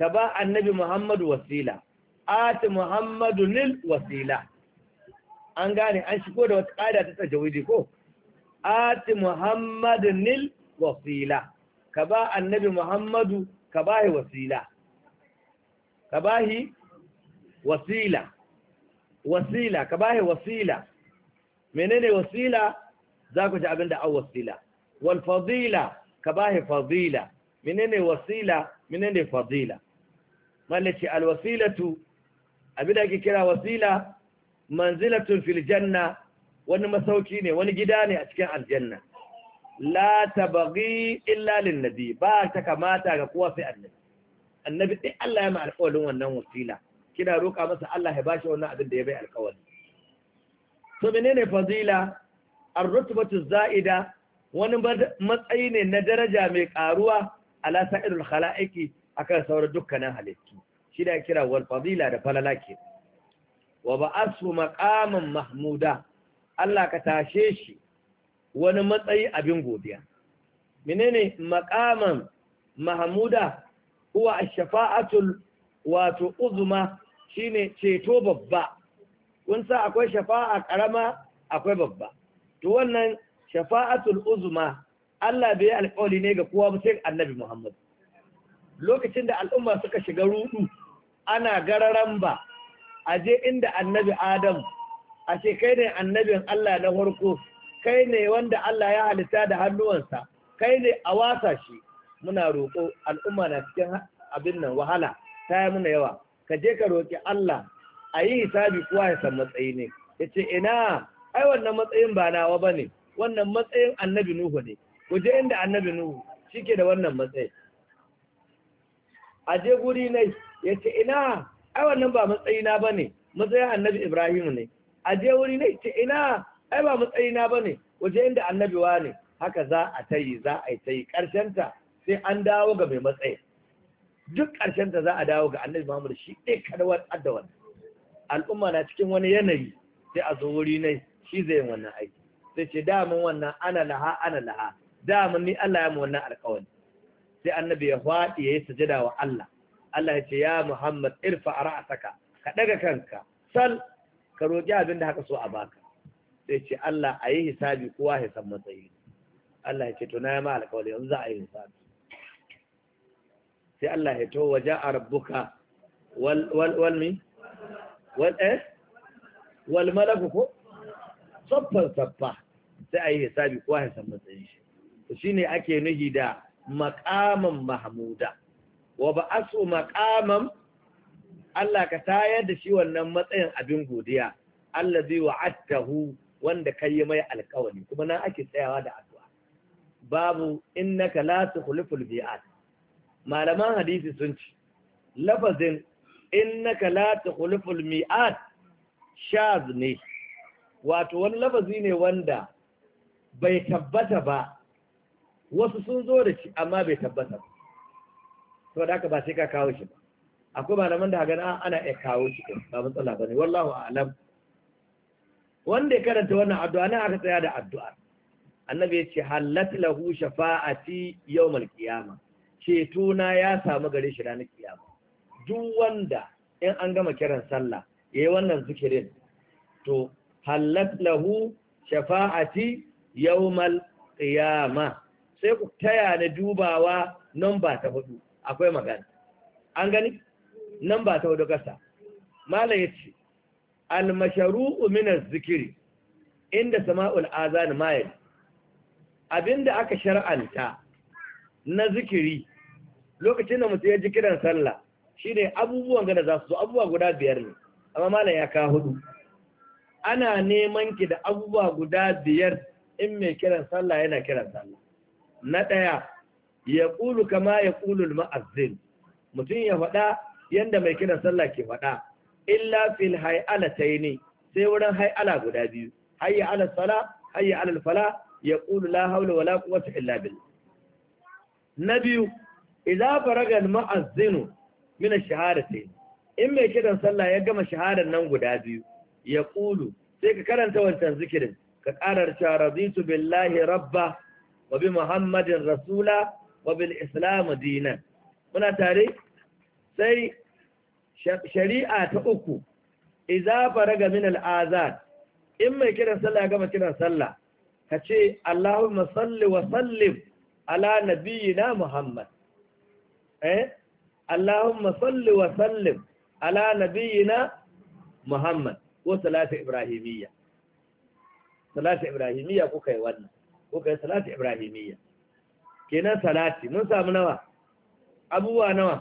ka ba annabi muhammadu wasila ati muhammadu nil wasila an gane an shigo da wata ƙada ta tajawidi ko ati muhammadu nil wasila ka ba annabi muhammadu ka ba wasila ka bahi wasila wasila ka bahe wasila menene wasila za ku ji abin da an wasila wal fadila ka bahe fadila menene wasila menene fadila mallaci al wasilatu abin da ake kira wasila manzilatun fil janna wani masauki ne wani gida ne a cikin aljanna la tabaghi illa lin nabi ba ta kamata ga kowa sai annabi annabi dai Allah ya ma alƙawarin wannan wasila kina roƙa masa Allah ya bashi wannan abin da ya bai alƙawari to menene fazila ar-rutbatu za'ida wani matsayi ne na daraja mai karuwa ala sa'irul khala'iqi akan sauran dukkanin halittu shi da kira wal da falala ke wa ba'asu maqaman mahmuda Allah ka tashe shi wani matsayi abin godiya menene maqaman mahmuda huwa ash-shafa'atul wato uzma shine ceto babba kun sa akwai shafa'a karama akwai babba to wannan shafa'atul uzma Allah bai alƙawari ne ga kowa sai Annabi Muhammad lokacin da al'umma suka shiga rudu ana gararan ba a je inda Annabi Adam a ce kai ne annabin Allah na farko kai ne wanda Allah ya halitta da hannuwansa kai ne a wasa shi muna roƙo al'umma na cikin abin nan wahala ta yi muna yawa ka je ka roƙi Allah a yi hisabi kuwa ya san matsayi ne ya ce ina ai wannan matsayin ba nawa ba ne wannan matsayin annabi nuhu ne ku je inda annabi nuhu shi ke da wannan matsayi a je guri ne ya ce ina ai wannan ba na ba ne matsayin annabi ibrahim ne a je wuri ne ce ina ai ba na ba ne waje inda annabi wa ne haka za a ta yi za a yi ta yi ƙarshenta sai an dawo ga mai matsayi duk ƙarshen da za a dawo ga annabi Muhammad shi ɗaya karwar adda al'umma na cikin wani yanayi sai a zo wuri ne shi zai yin wannan aiki sai ce damun wannan ana laha ana laha damun ni Allah ya mu wannan alƙawari sai annabi ya faɗi ya yi sajada wa Allah Allah ya ce ya Muhammad irfa ra'saka ka daga kanka sal ka roƙi abin da haka so a baka sai ce Allah a yi hisabi kowa hisab matsayi Allah ya ce to na yi ma alƙawari yanzu za a yi hisabi sai Allah ya to waje a rabbuka walmi walmalaku eh? ko saffan saffa sai a yi hisabi ko ya san matsayin shi shi ne ake nuhi da makaman mahamuda wa ba a Allah ka tayar da shi wannan matsayin abin godiya Allah zai wa'attahu wanda ka yi mai alkawari kuma nan ake tsayawa da addu'a babu innaka la tukhliful bi'at malaman hadisi sun ci lafazin innaka la tukhliful mi'at shaz ne wato wani lafazi ne wanda bai tabbata ba wasu sun zo da shi amma bai tabbata ba to da haka ba sai ka kawo shi ba akwai malaman da gana ah, ana iya kawo shi ba matsala bane wallahu a'lam wanda ya karanta wannan addu'a nan aka tsaya da addu'a annabi ya ce hallat lahu shafa'ati yawmal qiyamah ceto na ya samu gare shi ranar kiyama duk wanda in an gama kiran sallah ya yi wannan zikirin to hallat lahu shafa'ati yawmal qiyama sai ku taya na dubawa nan ba ta hudu akwai magana an gani nan ta hudu kasa malam yace al mashru'u min az-zikri inda sama'ul azan mayl abinda aka shar'anta na zikiri lokacin da mutum ya ji kiran sallah shi ne abubuwan gada za su zo abubuwa guda biyar ne amma malam ya ka hudu ana neman ki da abubuwa guda biyar in mai kiran sallah yana kiran sallah na ɗaya ya ƙulu kama ya ƙulu ma'azzin mutum ya faɗa yadda mai kiran sallah ke faɗa illa fil hay'ala ne sai wurin haiala guda biyu hayya ala sala hayya ala fala ya ƙulu la haula wala quwwata illa billah na biyu idza faraga al-mu'azzinu min ash in mai kiran sallah ya gama shahadar nan guda biyu ya kulu sai ka karanta wancan zikirin ka karar cewa billahi rabba wa bi muhammadin rasula wa bil islam dinan muna tare sai shari'a ta uku idza faraga min al-azan in mai kiran sallah ya gama kiran sallah ka ce allahumma salli wa sallim ala nabiyyina muhammad eh Allahumma salli wa sallim ala nabiyyina Muhammad ko salatu ibrahimiyya salatu ibrahimiyya kuka yi wannan kuka yi salatu ibrahimiyya kenan salati mun samu nawa abubuwa nawa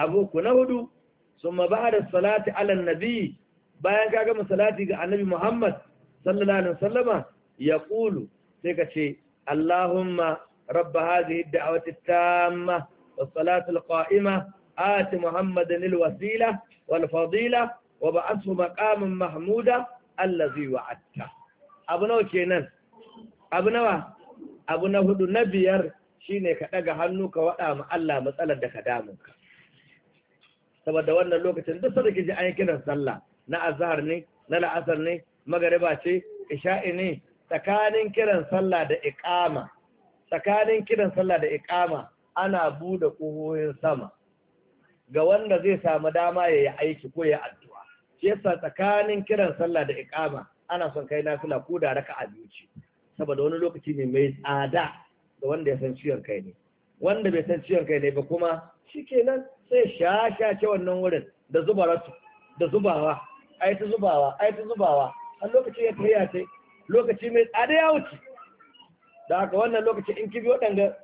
abuku na hudu summa da salati ala Nabiyyi bayan ka gama salati ga annabi Muhammad sallallahu alaihi wasallama yaqulu sai ka ce Allahumma rabb hadhihi ad-da'wati at-tamma والصلاة القائمة آت محمد الوسيلة والفضيلة وبعثه مقام محمودا الذي وعدك أبنو كينان أبنو أبنو هدو نبيار shine ka ɗaga hannu ka waɗa ma Allah matsalar da ka ka saboda wannan lokacin duk da ji an yi kiran sallah na azhar ne na la'asar ne magariba ce isha'i ne tsakanin kiran sallah da iqama ana bude ƙohoyin sama ga wanda zai samu dama ya yi aiki ko ya addu'a shi yasa tsakanin kiran sallah da ikama, ana son kai nafila ko da raka abinci saboda wani lokaci ne mai tsada ga wanda ya san ciwon kai ne wanda bai san ciwon kai ne ba kuma shi nan sai shashace wannan wurin da zubaratu da zubawa ai ta zubawa ai ta zubawa a lokaci ya tafiya kai, lokaci mai tsada ya wuce da haka wannan lokaci in kibi waɗanda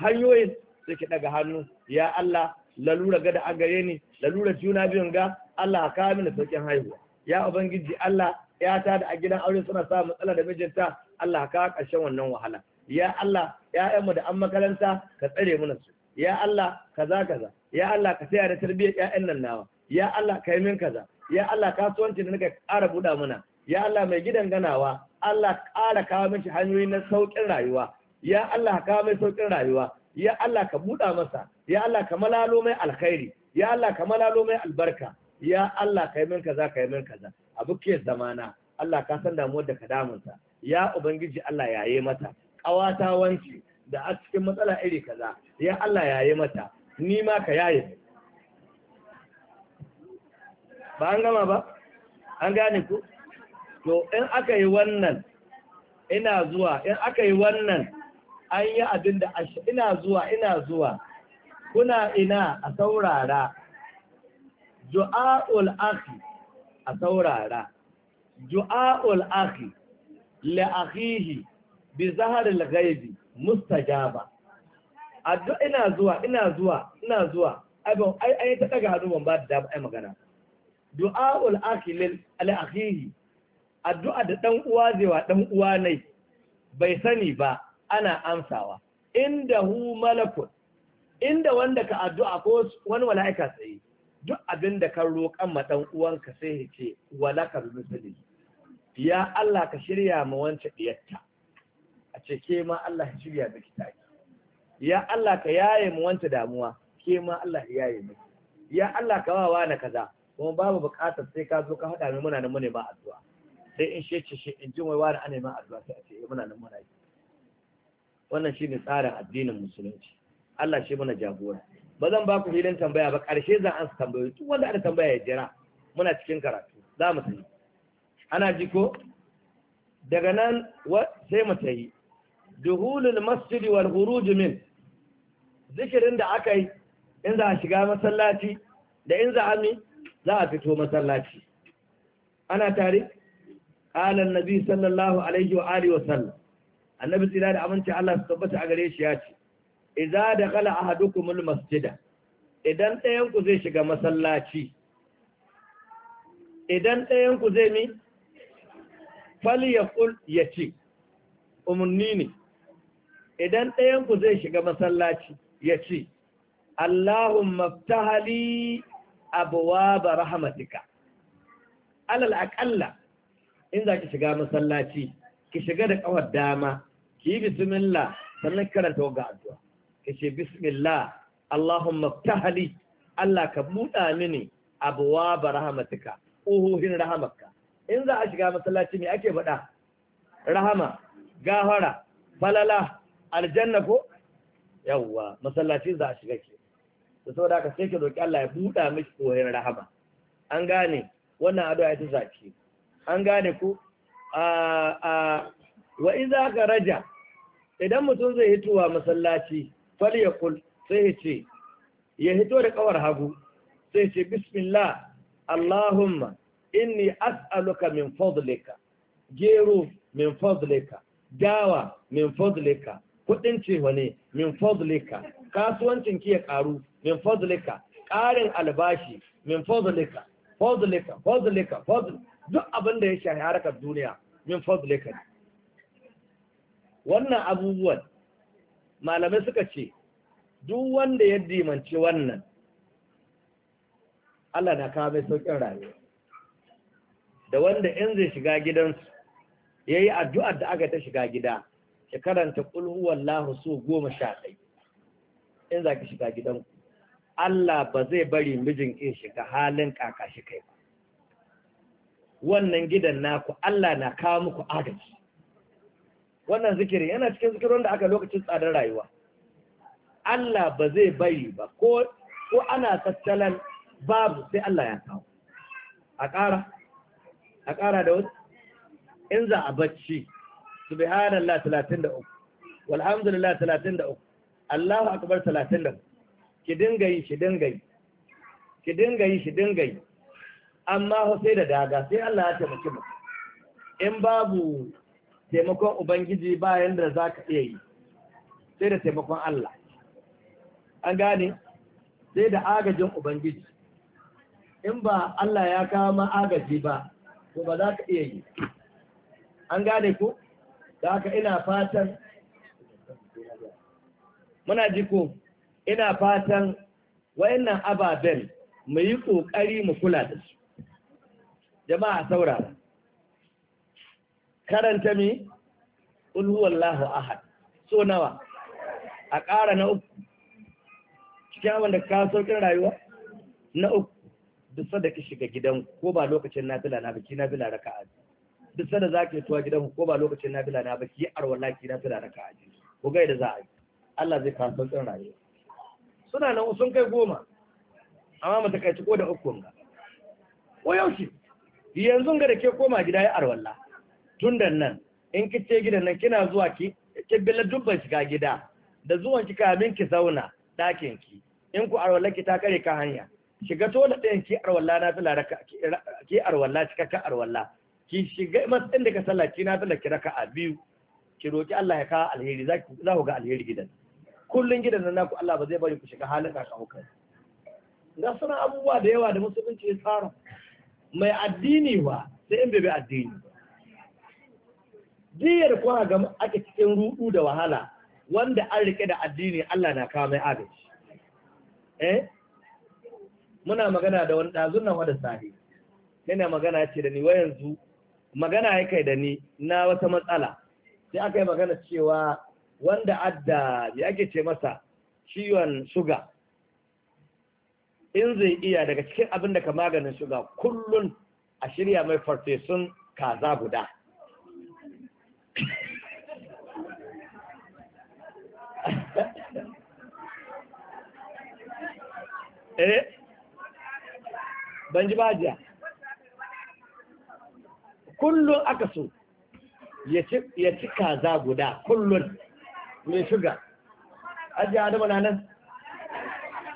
hanyoyin sai ki daga hannu ya Allah lalura ga da an ni lalura juna biyun ga Allah ka mini saukin haihuwa ya ubangiji Allah ta da a gidan aure suna samun matsala da mijinta Allah ka ƙarshen wannan wahala ya Allah ƴaƴanmu da an makaranta ka tsare mu su ya Allah kaza kaza ya Allah ka tsaya da tarbiyyar ƴaƴan nan nawa ya Allah ka yi min kaza ya Allah kasuwanci da nake ƙara buɗa mana ya Allah mai gidan ganawa Allah ƙara kawo min shi hanyoyi na sauƙin rayuwa ya Allah ka kawo min sauƙin rayuwa ya Allah ka buɗa masa ya Allah ka malalo mai alkhairi ya Allah ka malalo mai albarka ya Allah ka yi min kaza ka yi min kaza abu ke zamana Allah ka san damuwar da ka damunsa ya ubangiji Allah ya yi mata ƙawata wanci da a cikin matsala iri kaza ya Allah ya yi mata ni ma ka yaye ba an gama ba an gane ku to in aka yi wannan ina zuwa in aka yi wannan an yi abin da ina zuwa ina zuwa kuna ina a saurara du'a'ul akhi a saurara du'a'ul akhi li akhihi bi zaharil ghaibi mustajaba addu ina zuwa ina zuwa ina zuwa abin ai ai ta daga hannu ban ba da dama ai magana du'a'ul akhi li akhihi addu'a da dan uwa wa dan uwa nai bai sani ba ana amsawa inda hu malakun inda wanda ka addu'a ko wani mala'ika tsaye duk abin da ka roƙan ma dan uwanka sai ya ce walakar misali ya Allah ka shirya ma wance diyarta a ce ke ma Allah ya shirya miki taki ya Allah ka yaye mu wanta damuwa ke ma Allah ya yaye miki ya Allah ka wa na kaza kuma babu buƙatar sai ka zo ka haɗa mai muna nan ne ba addu'a sai in shece shi in ji wai wani ana ma addu'a sai a ce eh, muna nan muna yi wannan shi ne tsarin addinin musulunci Allah shi muna jagora ba zan ba ku filin tambaya ba Karshe zan ansa tambayoyi duk wanda aka tambaya ya jira muna cikin karatu za mu sani ana ji ko daga nan sai mu tayi duhulul masjid wal khuruj min zikirin da aka yi in za a shiga masallaci da in za a mi za a fito masallaci ana tare qala nabi sallallahu alaihi wa alihi wa sallam annabi tsira da aminci Allah su tabbata a gare shi ya ce idza dakhala ahadukumul masjida idan ɗayan zai shiga masallaci idan ɗayan zai mi fal ya yace umunni ne idan ɗayan zai shiga masallaci Allahun Allahumma ftahali ba rahmatika alal aqalla in za ki shiga masallaci ki shiga da ƙawar dama ki bismillah sannan karanta wa addu'a kace bismillah Allahumma ftahli Allah ka buɗa mini abwa rahmatika uhuhin rahamaka in za a shiga masallaci me ake faɗa rahama gahara falala aljanna ko yawwa masallaci za a shiga ke da saboda haka sai ka roki Allah ya buɗa miki koyon rahama an gane wannan addu'a ita zaki an gane ku a ah, ah, wa iza raja idan mutum zai hituwa masallaci ya kul sai ya ce ya hito da kawar hagu sai ce bismillah allahumma inni as'aluka min fadlika gero min fadlika dawa min fadlika kudin cewa ne min fadlika kasuwancin ki ya karu min fadlika karin albashi min fadlika fadlika fadlika fadlika duk abin da ya shahararkar duniya min fadlika ne wannan abubuwan malamai suka ce duk wanda ya dimanci wannan Allah na kawo mai saukin rayuwa da wanda in zai shiga gidansu ya yi addu'ar da aka ta shiga gida ya karanta ƙulhuwan lahu so goma sha ɗai in za ki shiga gidanku Allah ba zai bari mijin in shiga halin kaka shi kai ku. wannan gidan naku Allah na kawo muku agaji wannan zikiri yana cikin zikirin da aka lokacin tsadar rayuwa Allah ba zai bayi ba ko ko ana tattalan babu sai Allah ya kawo a ƙara a ƙara da wasu in za a bacci subhanallah 33 walhamdulillah 33 Allahu akbar 33 ki dinga yi ki dinga yi ki dinga yi ki dinga yi amma sai da daga sai Allah ya taimaki mu in babu taimakon ubangiji bayan da za ka iya yi sai da taimakon Allah an gane sai da agajin ubangiji in ba Allah ya kawo ma agaji ba to ba za ka iya yi an gane ku da haka ina fatan muna ji ku ina fatan wayannan ababen mu yi ƙoƙari mu kula da su jama'a saurara karanta mi ulhuwallahu ahad so nawa a ƙara na uku cikin abin da ka saukin rayuwa na uku duk da ki shiga gidan ko ba lokacin nafila na baki nafila raka aji duk da za ki tuwa gidan ko ba lokacin nafila na baki arwala ki nafila raka aji ko ga da za a yi Allah zai kawo saukin rayuwa suna nan sun kai goma amma matakaici ko da uku ga ko yaushe yanzu ga da ke koma gida ya arwala da nan in ki ce gidan nan kina zuwa ki kibbila dubban shiga gida da zuwan ki kamin ki zauna ɗakin ki in ku arwalla ki ta kare ka hanya shiga to da ɗayan ki arwalla na fila raka ki arwalla ka arwalla ki shiga matsayin da ka sallah ki na fila ki raka a biyu ki roki Allah ya kawo alheri za ku ga alheri gidan kullun gidan nan naku Allah ba zai bari ku shiga halin ka kawo kai ga suna abubuwa da yawa da musulunci ya tsara mai addini wa sai in bai bi addini ba jiyar kuna ga ake cikin rudu da wahala wanda an rike da addini Allah na kawo mai agaji eh muna magana da wani ɗazun nan wadda sahi yana magana ce da ni wa yanzu magana ya kai da ni na wata matsala sai aka yi magana cewa wanda adda ya ake ce masa ciwon shuga in zai iya daga cikin abin da ka maganin shuga kullum a shirya mai farfesun kaza guda eh ban ji ba jiya kullum aka so ya ci kaza guda kullum mai shuga ajiya adama na nan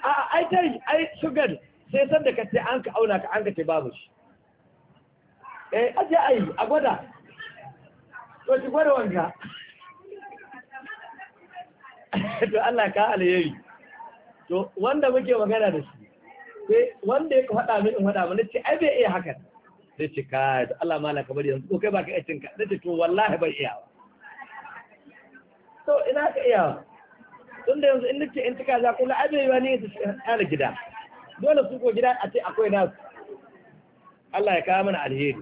a aitai ai shugar sai sanda ka ce an ka auna ka an ka ce babu shi eh ajiya ai a gwada to ki gwada wanka to Allah ka alheri to wanda muke magana da shi sai wanda ya faɗa min in faɗa min ce ai bai iya hakan sai ce ka da Allah na ka bari yanzu ko kai ba ka iya cinka sai ce to wallahi bai iya ba to ina ka iya ba tun da yanzu in nace in cika za ku la'abe yi ba ne ta tsara gida dole su ko gida a ce akwai nasu Allah ya kawo mana alheri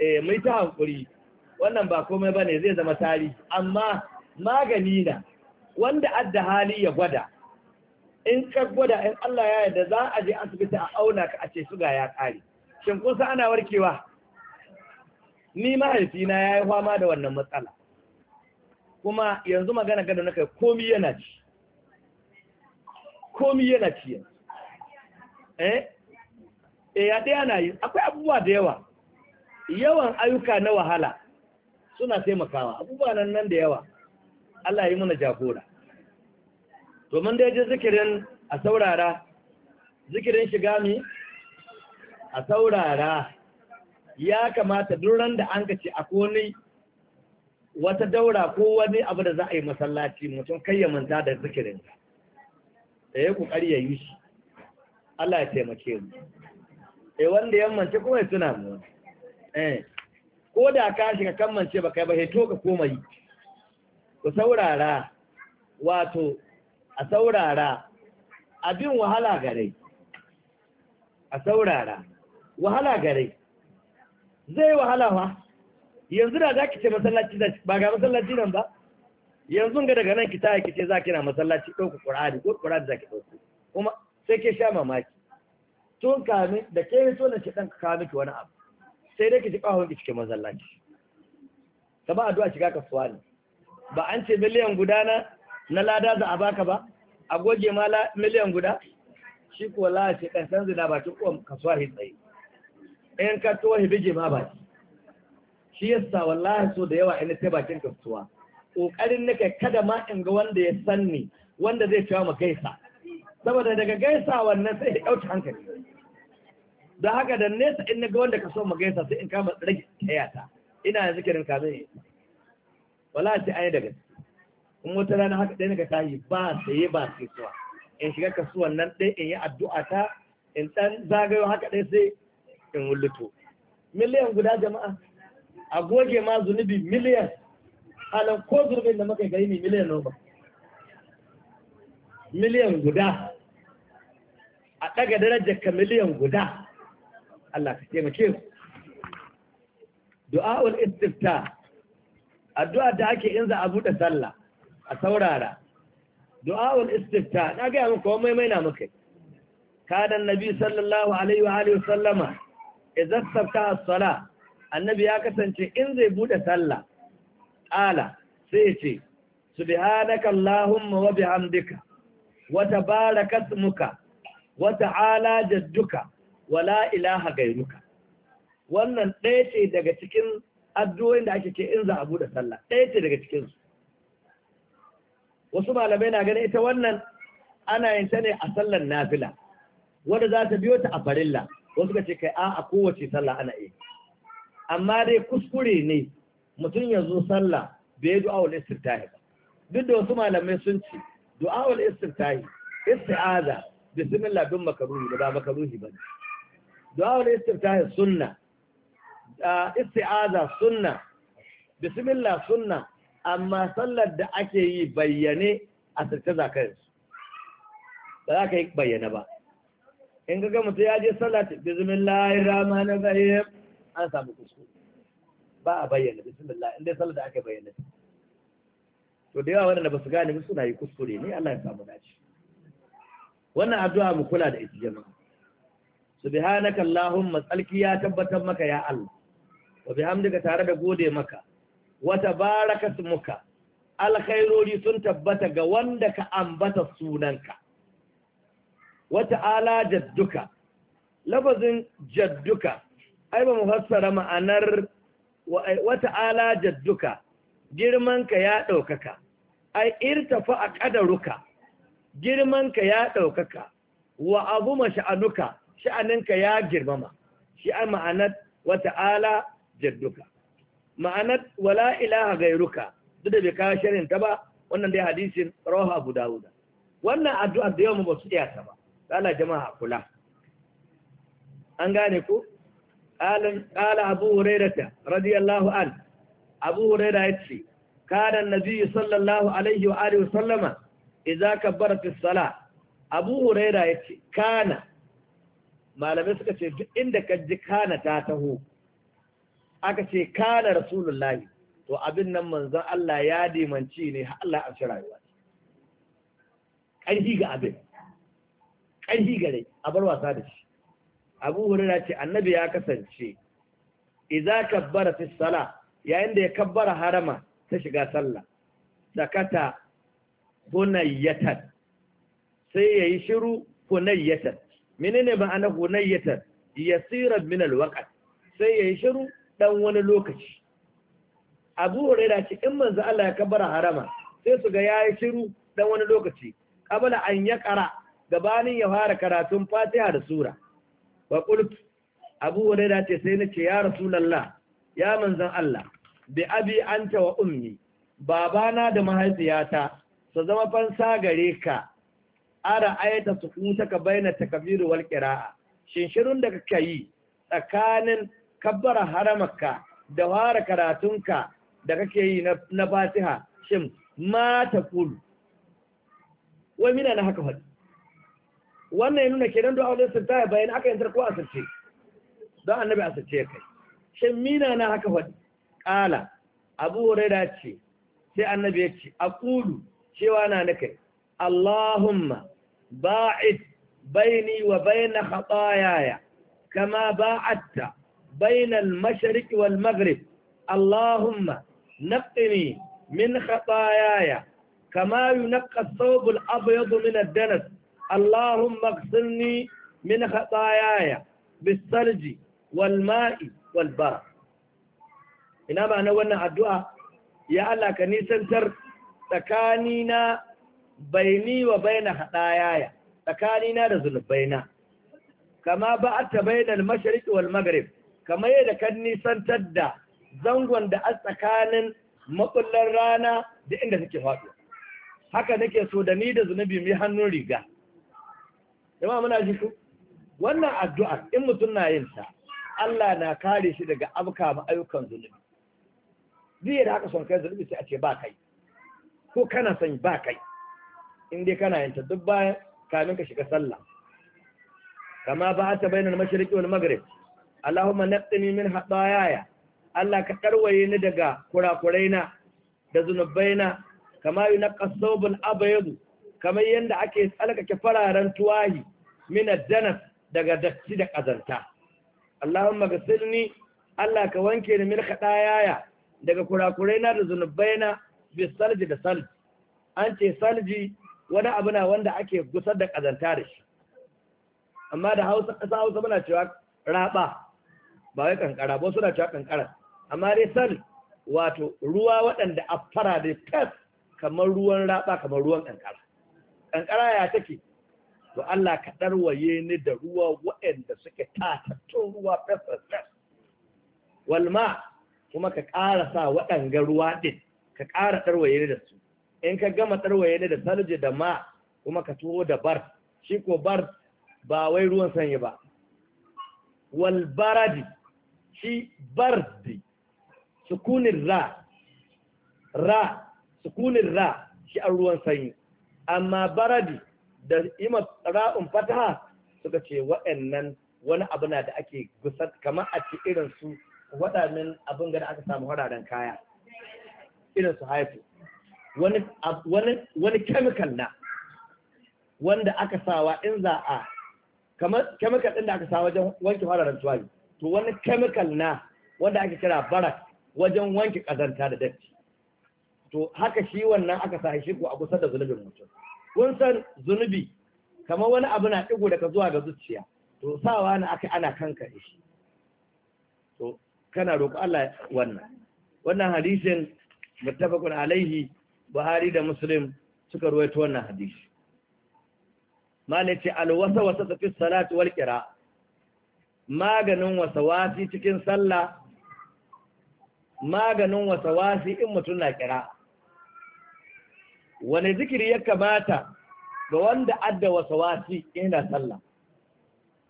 eh mai ta hankuri wannan ba komai ba ne zai zama tari amma magani na wanda adda hali ya gwada in ka gwada in Allah ya yarda za a je asibiti a auna ka a ce suga ya kare shin kun san ana warkewa ni mahaifina ya yi fama da wannan matsala kuma yanzu magana gada na kai komi yana ci komi yana ci eh eh ya dai ana yi akwai abubuwa da yawa yawan ayyuka na wahala suna taimakawa abubuwa nan nan da yawa Allah yi mana jagora to mun da ji zikirin a saurara zikirin shiga mi a saurara ya kamata duran da an ka ce a wata daura ko wani abu da za a yi masallaci mutum kai ya manta da zikirin da ya kokari ya yi shi Allah ya taimake mu eh wanda ya manta kuma ya tuna mu eh ko da ka shiga kammance ba kai ba heto ka koma yi ku saurara wato a saurara abin wahala gare a saurara wahala gare zai wahala ba yanzu da za ki ce masallaci ba ga masallaci nan ba yanzu ga daga nan ki ta ki ce za ki na masallaci ɗauku ƙur'ani ko ƙur'ani za ki ɗauku kuma sai ke sha mamaki tun kamin da ke so na ce ɗan ka kawo miki wani abu sai dai ki ji ƙahon ki cikin mazallaci ka ba addu'a shiga kasuwa ne ba an ce miliyan guda na na lada za a baka ba a goge ma miliyan guda shi kuwa la ce kan san zina ko uwan kasuwa hi tsaye in ka hi hibige ma baki shi sa wallahi so da yawa ina sai bakin kasuwa kokarin nake kada ma in ga wanda ya sanni wanda zai cewa ma gaisa saboda daga gaisa wannan sai ya dauki hankali Da haka da nesa in na ga wanda ka so mu gaisa sai in kama rage tayata ina yanzu kirin kamin yi wala sai an yi daga in wata rana haka dai ka tahi ba saye ba sai suwa in shiga kasuwan nan dai in yi addu'a ta in ɗan zagayo haka dai sai in wulluto miliyan guda jama'a a goge ma zunubi miliyan halin ko zunubin da muka gani ne miliyan nawa miliyan guda a ɗaga darajar ka miliyan guda Allah ka taimake mu du'a'ul istifta addu'a da ake in za a buɗe sallah a saurara du'a'ul istifta na ga muku wani maimai na muka kana annabi sallallahu alaihi wa sallama idza istafta a sala annabi ya kasance in zai buɗe sallah ala sai ce subhanaka allahumma wa bihamdika wa tabaraka ismuka wata ta'ala jadduka wala ilaha gairuka wannan ɗaya ce daga cikin addu'o'in da ake ce in za a buɗe sallah ɗaya ce daga cikin su wasu malamai na ganin ita wannan ana yin ta ne a sallar nafila wanda za ta biyo ta a farilla wasu ka ce kai a a kowace sallah ana yi amma dai kuskure ne mutum ya zo sallah bai du'a wani istirtahi ba duk da wasu malamai sun ce du'a tahi, istirtahi isti'aza bismillah bin makaruhi da ba makaruhi ba du'a istiftahi sunna isti'aza sunna bismillah sunna amma sallar da ake yi bayyane a sirce za yanzu ba za ka yi bayyane ba in ga mutu ya je sallar bismillahir rahmanir rahim an samu kusku ba a bayyana bismillah in dai sallar da ake bayyana to da yawa waɗanda ba su gane suna yi kuskure ne Allah ya samu dace wannan addu'a mu kula da ita jama'a subhanaka allahumma tsalki ya tabbatar maka ya Allah wa bihamdika tare da gode maka wa tabaraka smuka alkhairori sun tabbata ga wanda ka ambata sunanka wa ta'ala jadduka lafazin jadduka ai ba mu fassara ma'anar wa ta'ala jadduka girmanka ya ɗaukaka ai irtafa a ƙadaruka girmanka ya ɗaukaka wa abu masha'anuka sha'aninka ya girmama shi a ma'anar wata'ala jadduka ma'anar wala ilaha gairuka duk da bai kawo shirin ta ba wannan dai hadisin rawa abu dawuda wannan addu'a da yawan ba su iya ta ba kala jama'a kula an gane ku Ƙala abu hurairata radiyallahu an abu huraira ya ce kana nabi sallallahu alaihi wa alihi wa sallama idza kabbara fi sala, abu huraira ya ce kana malamai suka ce duk inda ka ji kana ta taho aka ce kana rasulullahi to abin nan manzon Allah ya dimanci ne Allah a ci rayuwa ƙarfi ga abin ƙarfi ga rai a bar wasa da shi abu hurira ce annabi ya kasance idza kabbara fi sala yayin da ya kabbara harama ta shiga sallah sakata hunayyatan sai yayi shiru hunayyatan menene ma'ana hunayyatar yasira min alwaqt sai yayi shiru dan wani lokaci Abu Hurairah ce in manzo Allah ya kabbara harama sai su ga yayi shiru dan wani lokaci kabala an ya kara gabanin ya fara karatun Fatiha da sura wa qult Abu Hurairah ce sai nace ya Rasulullah ya manzon Allah bi abi anta wa ummi babana da mahaifiyata su zama fansa gare ka ara ayata ka baina takbiru wal qira'a shin shirun da kake yi tsakanin kabbara haramaka da fara karatunka da kake yi na Fatiha shin ma taqul wai mina na haka faɗi wannan ya nuna kenan du'a wajen sirta ya bayan aka yantar ko asirce don annabi asirce ya kai shin mina na haka faɗi ƙala abu huraira ce sai annabi ya ce a cewa na nake kai allahumma باعد بيني وبين خطاياي كما باعدت بين المشرق والمغرب اللهم نقني من خطاياي كما ينقى الثوب الأبيض من الدنس اللهم اغسلني من خطاياي بالثلج والماء والبر ina ba na wannan addu'a ya Allah ka nisantar tsakanina baini wa baina hadayaya tsakanina da zunubaina kama ta bainal mashriq wal maghrib kama yadda kan nisan da zangon da tsakanin makullar rana da inda take faɗo haka nake so da ni da zunubi mai hannun riga jama'a muna ji ku wannan addu'ar in mutum na yin ta Allah na kare shi daga abka ma ayyukan zunubi zai da haka son kai zunubi sai a ce ba kai ko kana son ba kai in dai kana yanta duk bayan kamin ka shiga sallah kama ba ta bayyana mashriqi wal maghrib Allahumma naqini min hadayaya Allah ka karwaye ni daga kurakuraina da zunubaina kama yunqa thawbul abyad kamar yanda ake tsalka fararen tuwahi min daga datti da kazanta Allahumma ghsilni Allah ka wanke ni min yaya daga kurakuraina da zunubaina bi salji da salji an ce salji wani abu na wanda ake gusar da kazanta da shi amma da hausa ƙasa hausa muna cewa raba ba wai kankara ba suna cewa kankara amma dai sal wato ruwa waɗanda a fara da kas kamar ruwan raba kamar ruwan kankara kankara ya take to Allah ka darwaye ni da ruwa waɗanda suke tatattun ruwa fes walma kuma ka ƙara sa waɗanga ruwa ɗin ka ƙara ɗarwaye da su in ka gama tarwaye ne da salji da ma kuma ka tuho da bar shi ko bar ba wai ruwan sanyi ba Walbaradi baradi shi bardi sukunin ra ra sukunin ra shi a ruwan sanyi amma baradi da ima ra'un fataha suka ce wa'annan wani abu na da ake gusar kamar a ce irin waɗannan abin da aka samu hararen kaya irin su haifu wani wani chemical na wanda aka sawa in za a kamar chemical din da aka sawa wajen wanke fararen tuwali to wani chemical na wanda ake kira barak wajen wanke kazanta da datti to haka shi wannan aka sa shi ko a kusa da zunubin mutum kun san zunubi kamar wani abu na digo daga zuwa ga zuciya to sawa na aka ana kanka shi to kana roƙo Allah wannan wannan hadisin muttafaqun alaihi buhari da muslim suka ruwaito wannan hadisi ce alwasa wasa tafi salatu wal kira maganin wasawasi cikin sallah maganin wasawasi in mutum na kira wani zikiri ya kamata ga wanda adda wasawasi yana sallah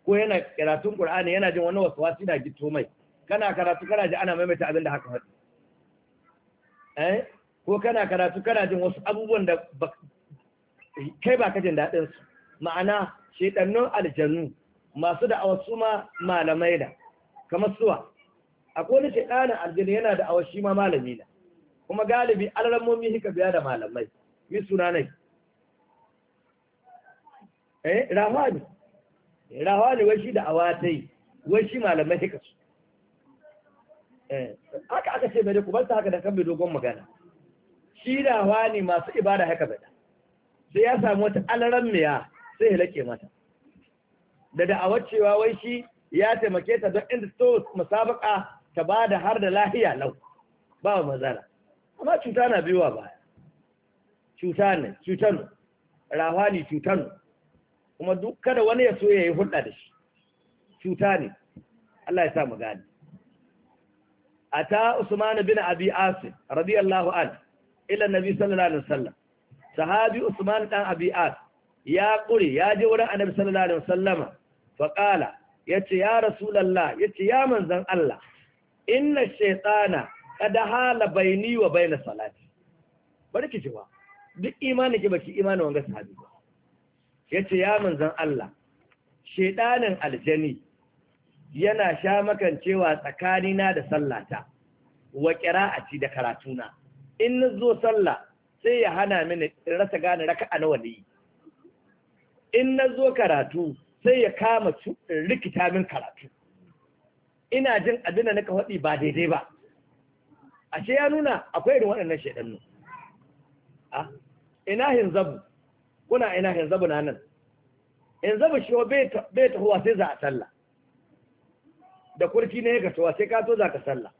ko yana karatun qur'ani yana jin wani wasawasi na gito mai kana karatu kana ji ana maimaita abin da haka faɗi eh ko kana karatu kana jin wasu abubuwan da kai ba ka jin daɗin su ma'ana shaidannun aljannu masu da awasu ma malamai da kamar suwa akwai wani shaidanin aljannu yana da awashi ma malami da kuma galibi alamomi hika biya da malamai mi suna nai eh rahwani rahwani wai shi da awatai wai shi malamai hika su eh, haka aka ce mai da kubarta haka da kan dogon magana kirawa ne masu ibada haka bada sai ya samu wata alaran miya sai ya lake mata da da'awar cewa wai shi ya taimake ta don inda so musabaka ta ba da har da lahiya lau ba wa mazara amma cuta na biyuwa baya cuta ne cutan rawa ne cutan kuma duk kada wani ya so ya yi hulɗa da shi cuta ne Allah ya sa mu gani ata Usman bin Abi Asim radiyallahu anhu ila nabi sallallahu alaihi wasallam sahabi usman dan abi'at ya kure ya je wurin annabi sallallahu alaihi wasallama fa qala yace ya rasulullah yace ya manzon Allah inna shaytana kada hala baini wa baina salati bari ki jiwa duk imani ki baki imani wanga sahabi yace ya manzon Allah shaytanin aljani yana sha makancewa tsakanina da sallata wa qira'ati da karatuna in na zo sallah sai ya hana mini in rasa gane raka'a nawa ne in na zo karatu sai ya kama rikita min karatu ina jin abin da na kawaɗi ba daidai ba ashe ya nuna akwai irin waɗannan shaidannu a ina zabu kuna ina zabu na nan zabu shi bai tahowa sai za a sallah da kurki na ya gasuwa sai ka to za ka sallah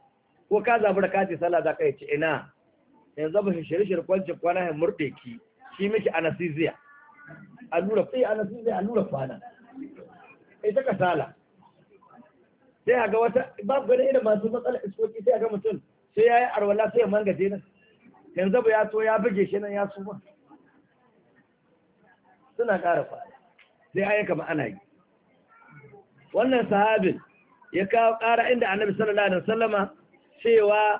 ko ka zabi da kati sallah za ka yi ci ina yanzu ba shirye shirye kwanci kwana ya murɗe ki shi miki anesthesia allura sai anesthesia allura kwana ta kasala sai ga wata babu ganin irin masu matsala iskoki sai ga mutum sai ya yi arwala sai ya mangaje nan yanzu ba ya so ya buge shi nan ya so ba suna ƙara kwana. sai ayyuka kama ana yi wannan sahabin ya kawo ƙara inda annabi sallallahu alaihi wasallama cewa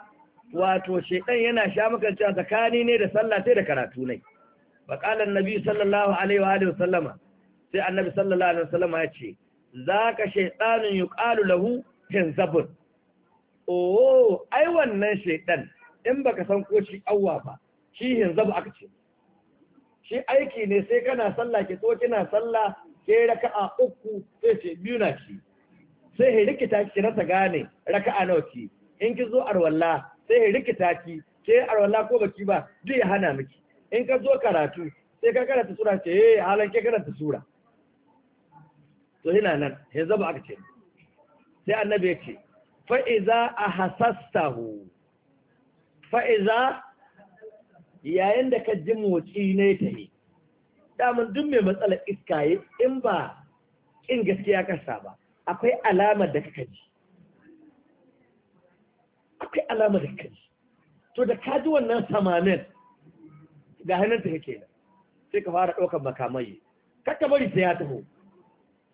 wato shaidan yana sha cewa tsakani ne da sallah sai da karatu ne baƙalar nabi sallallahu alaihi wa sallama sai annabi sallallahu alaihi wa sallama ya ce za ka shaidanin yi ƙalu lahu hinzabun oh ai wannan shaidan in baka san ko shi awwa ba shi hinzabu aka ce shi aiki ne sai kana sallah ke to kina sallah ke raka'a uku sai ce biyu na ki sai he rikita ki rasa gane raka'a nawa ki in ki zo arwalla sai ya rikita ki ke arwala ko baki ba duk ya hana miki in ka zo karatu sai ka karanta sura ce eh halan ke karanta sura to yana nan ya zaba aka ce sai annabi ya ce fa iza ahassastahu fa iza yayin da ka ji motsi ne ta yi daman duk mai matsalar iska yi. in ba in gaskiya kasa ba akwai alamar da ka ji akwai alamar kai to da ka ji wannan samanin ga hannunta kake nan sai ka fara ɗaukar makamai kakka bari sai ya taho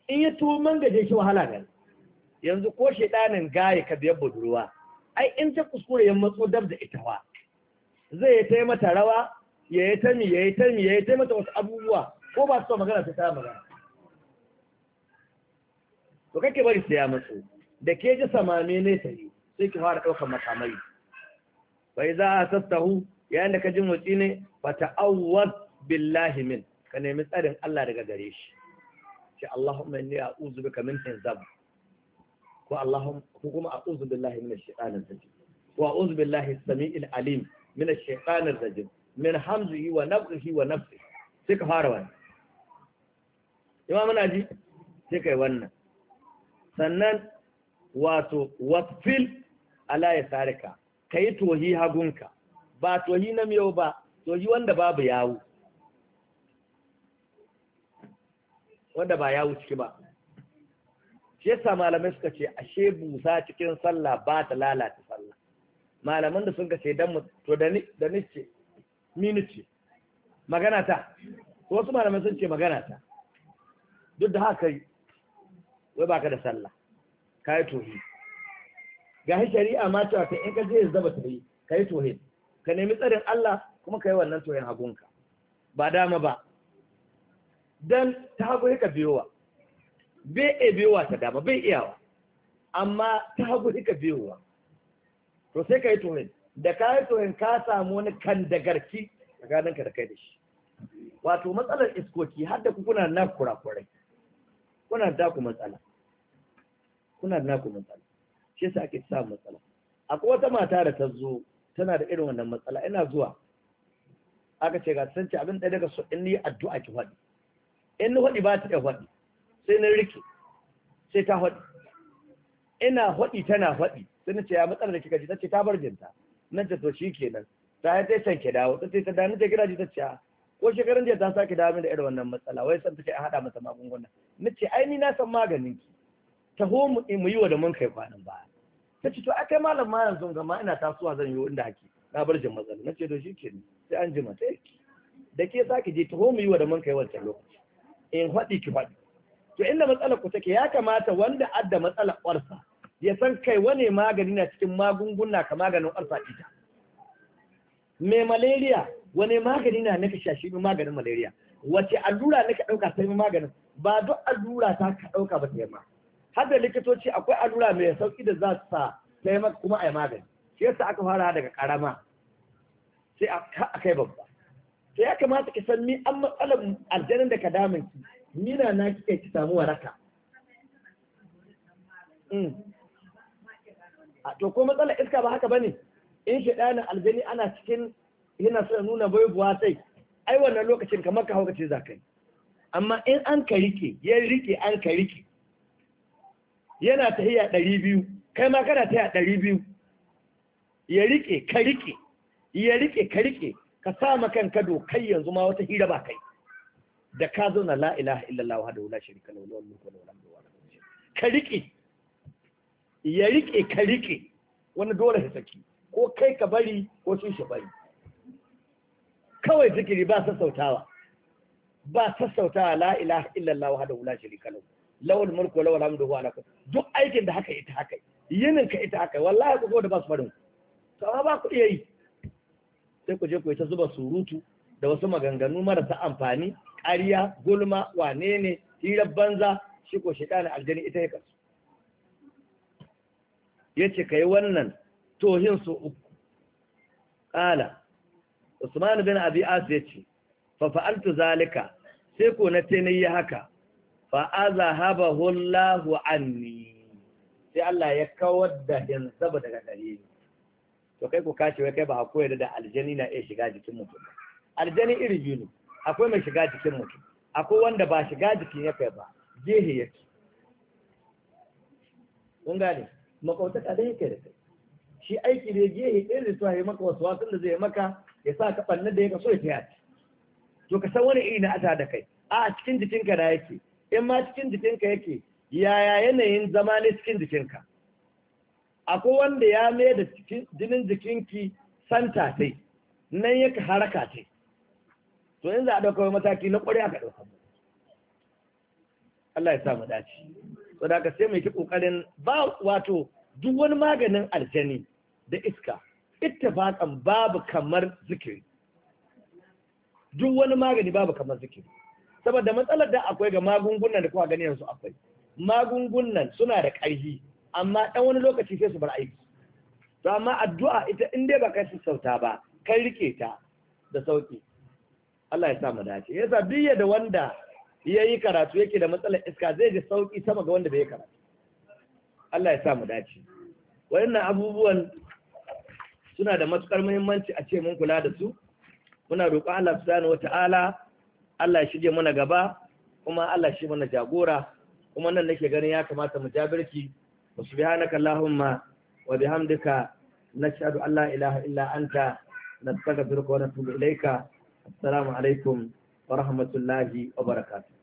in ya tuwo man gaje shi wahala ne yanzu ko shaidanin gaye ka biyar budurwa ai in ta kuskure ya matso dab da ita wa zai ta taimata mata rawa ya yi mi ya yi mi ya yi ta mata wasu abubuwa ko ba su so magana ta ta magana to kake bari ta ya matso da ke ji samame ne ta yi sai ki fara ɗaukar makamai bai za a sassahu yayin da ka jin watsi ne ba ta'awwaz billahi min ka nemi tsarin Allah daga gare shi ce Allahumma inni a'udhu bika min hinzab ko Allahumma kuma a'udhu billahi min ash-shaytanir rajim wa a'udhu billahi as-sami'il alim min ash-shaytanir rajim min hamzihi wa nafthihi wa nafsi. sai ka fara wannan imam muna ji sai kai wannan sannan wato wasfil ala ya tsarika, ka yi tohi hagunka ba tohi na miyau ba tohi wanda babu yawo wanda ba yawo ciki ba shi yasa malamai suka ce ashe busa cikin sallah ba ta lalata sallah malaman da suka ce dan to da ni ce minu ce magana ta wasu malamai sun ce magana ta duk da haka wai baka da sallah kai tohi gashi shari'a ma ta ta in ka je zaba ta yi yi tohin ka nemi tsarin Allah kuma ka yi wannan tohin hagunka ba dama ba dan ta hagu ka biyowa bai e biyowa ta dama bai iyawa amma ta hagu ka biyowa to sai ka yi tohin da ka yi tohin ka samu wani kan da garki ka da kai da shi wato matsalar iskoki har da kuna na kurakurai kuna da ku matsala kuna da na ku matsala shi yasa ake samun matsala akwai wata mata da ta zo tana da irin wannan matsala ina zuwa aka ce ga san abin ɗaya daga so in ni addu'a ki faɗi in ni faɗi ba ta iya faɗi sai na rike sai ta faɗi ina faɗi tana faɗi sai na ce ya matsalar da kika ji tace ta bar jinta nan ta to shi kenan ta yi ta san ki dawo ta ce ta da ta kira ji tace ko shekarun jiya ta sake dawo da irin wannan matsala wai san take a haɗa mata magunguna na ce ai ni na san maganin ki taho mu yi wa da mun kai kwanan baya ta ce to akai malam ma yanzu ga ma ina tasowa zan yi inda ake na bar jin matsala na ce to shike sai an ji sai da ke ki je ta mu yi wa da man kai wancan lokaci in haɗi ki faɗi to inda matsalar ku take ya kamata wanda adda matsalar ƙwarsa ya san kai wane magani na cikin magunguna ka maganin ƙwarsa ita me malaria wane magani na ka shashi maganin malaria wace allura ka ɗauka sai maganin ba duk allura ta ka ɗauka ba sai ma har da likitoci akwai allura mai sauki da za su sa sai maka kuma a yi magani shi yasa aka fara daga karama sai a kai babba sai ya kamata ki san ni an matsalar aljanin da ka damun ki ni na na kike ki samu waraka hmm. a to ko matsalar iska ba haka bane in shi ɗanin aljani ana cikin yana so ya nuna buwa sai ai wannan lokacin kamar ka ce za ka yi amma in an ka rike ya rike an ka rike yana tahiya ɗari biyu kai ma kana tahiya ɗari biyu ya riƙe ka riƙe ya riƙe ka riƙe ka sa ma ka dokai yanzu ma wata hira ba kai da ka zauna na la’ila illallah wa la sharika lahu lahul mulku da lahul hamdu ka riƙe ya riƙe ka riƙe wani dole ya saki ko kai ka bari ko sun shi bari kawai zikiri ba sassautawa ba sassautawa illallah wa illallah wahdahu la sharika lahu lawal mulku wa lawal hamdu wa lakum duk aikin da haka ita haka yinin ka ita haka wallahi ku da ba farin to amma ba ku iya yi sai ku je ku ita zuba surutu da wasu maganganu marasa amfani ƙarya gulma wane ne hirar banza shi ko shaitani aljani ita ya kasu yace kai wannan tohin su uku qala Usman bin Abi As yace fa fa'altu zalika sai ko na yi haka fa'aza haba hullahu anni sai Allah ya kawar da zaba daga gare ni to kai ku kace wai kai ba akwai da aljani na iya shiga jikin mutum aljani iri biyu ne akwai mai shiga jikin mutum akwai wanda ba shiga jikin ya kai ba gehe yake kun gane makautaka da yake da kai shi aiki ne jehe irin da suwa ya maka wasu wasan da zai maka ya sa ka ɓanna da ya kaso ya tiyata to ka san wani iri na ata da kai a cikin jikinka na yake in ma cikin jikinka yake yaya yanayin zama ne cikin jikinka akwai wanda ya mai da jinin jikinki santa sai nan yaka haraka ce to in za a ɗauka mataki na ƙwari aka ɗauka Allah ya sa mu dace to da sai mai ki kokarin ba wato duk wani maganin aljani da iska ittifaqan babu kamar zikiri duk wani magani babu kamar zikiri saboda matsalar da akwai ga magungunan da kuma gani yanzu akwai magungunan suna da ƙarfi amma ɗan wani lokaci sai su bar aiki to amma addu'a ita in dai ba kai sauta ba kai rike ta da sauki Allah ya sa mu dace yasa biye da wanda ya yi karatu yake da matsalar iska zai ji sauki sama ga wanda bai karatu Allah ya sa mu dace wayannan abubuwan suna da matukar muhimmanci a ce mun kula da su muna roƙon Allah subhanahu wata'ala Allah shige mana gaba kuma Allah shi mana jagora kuma nan nake ganin ya kamata mu jabirki wa subhanaka allahumma wa bihamdika nashhadu an la ilaha illa anta nastaghfiruka wa natubu ilayka assalamu alaikum wa rahmatullahi wa barakatuh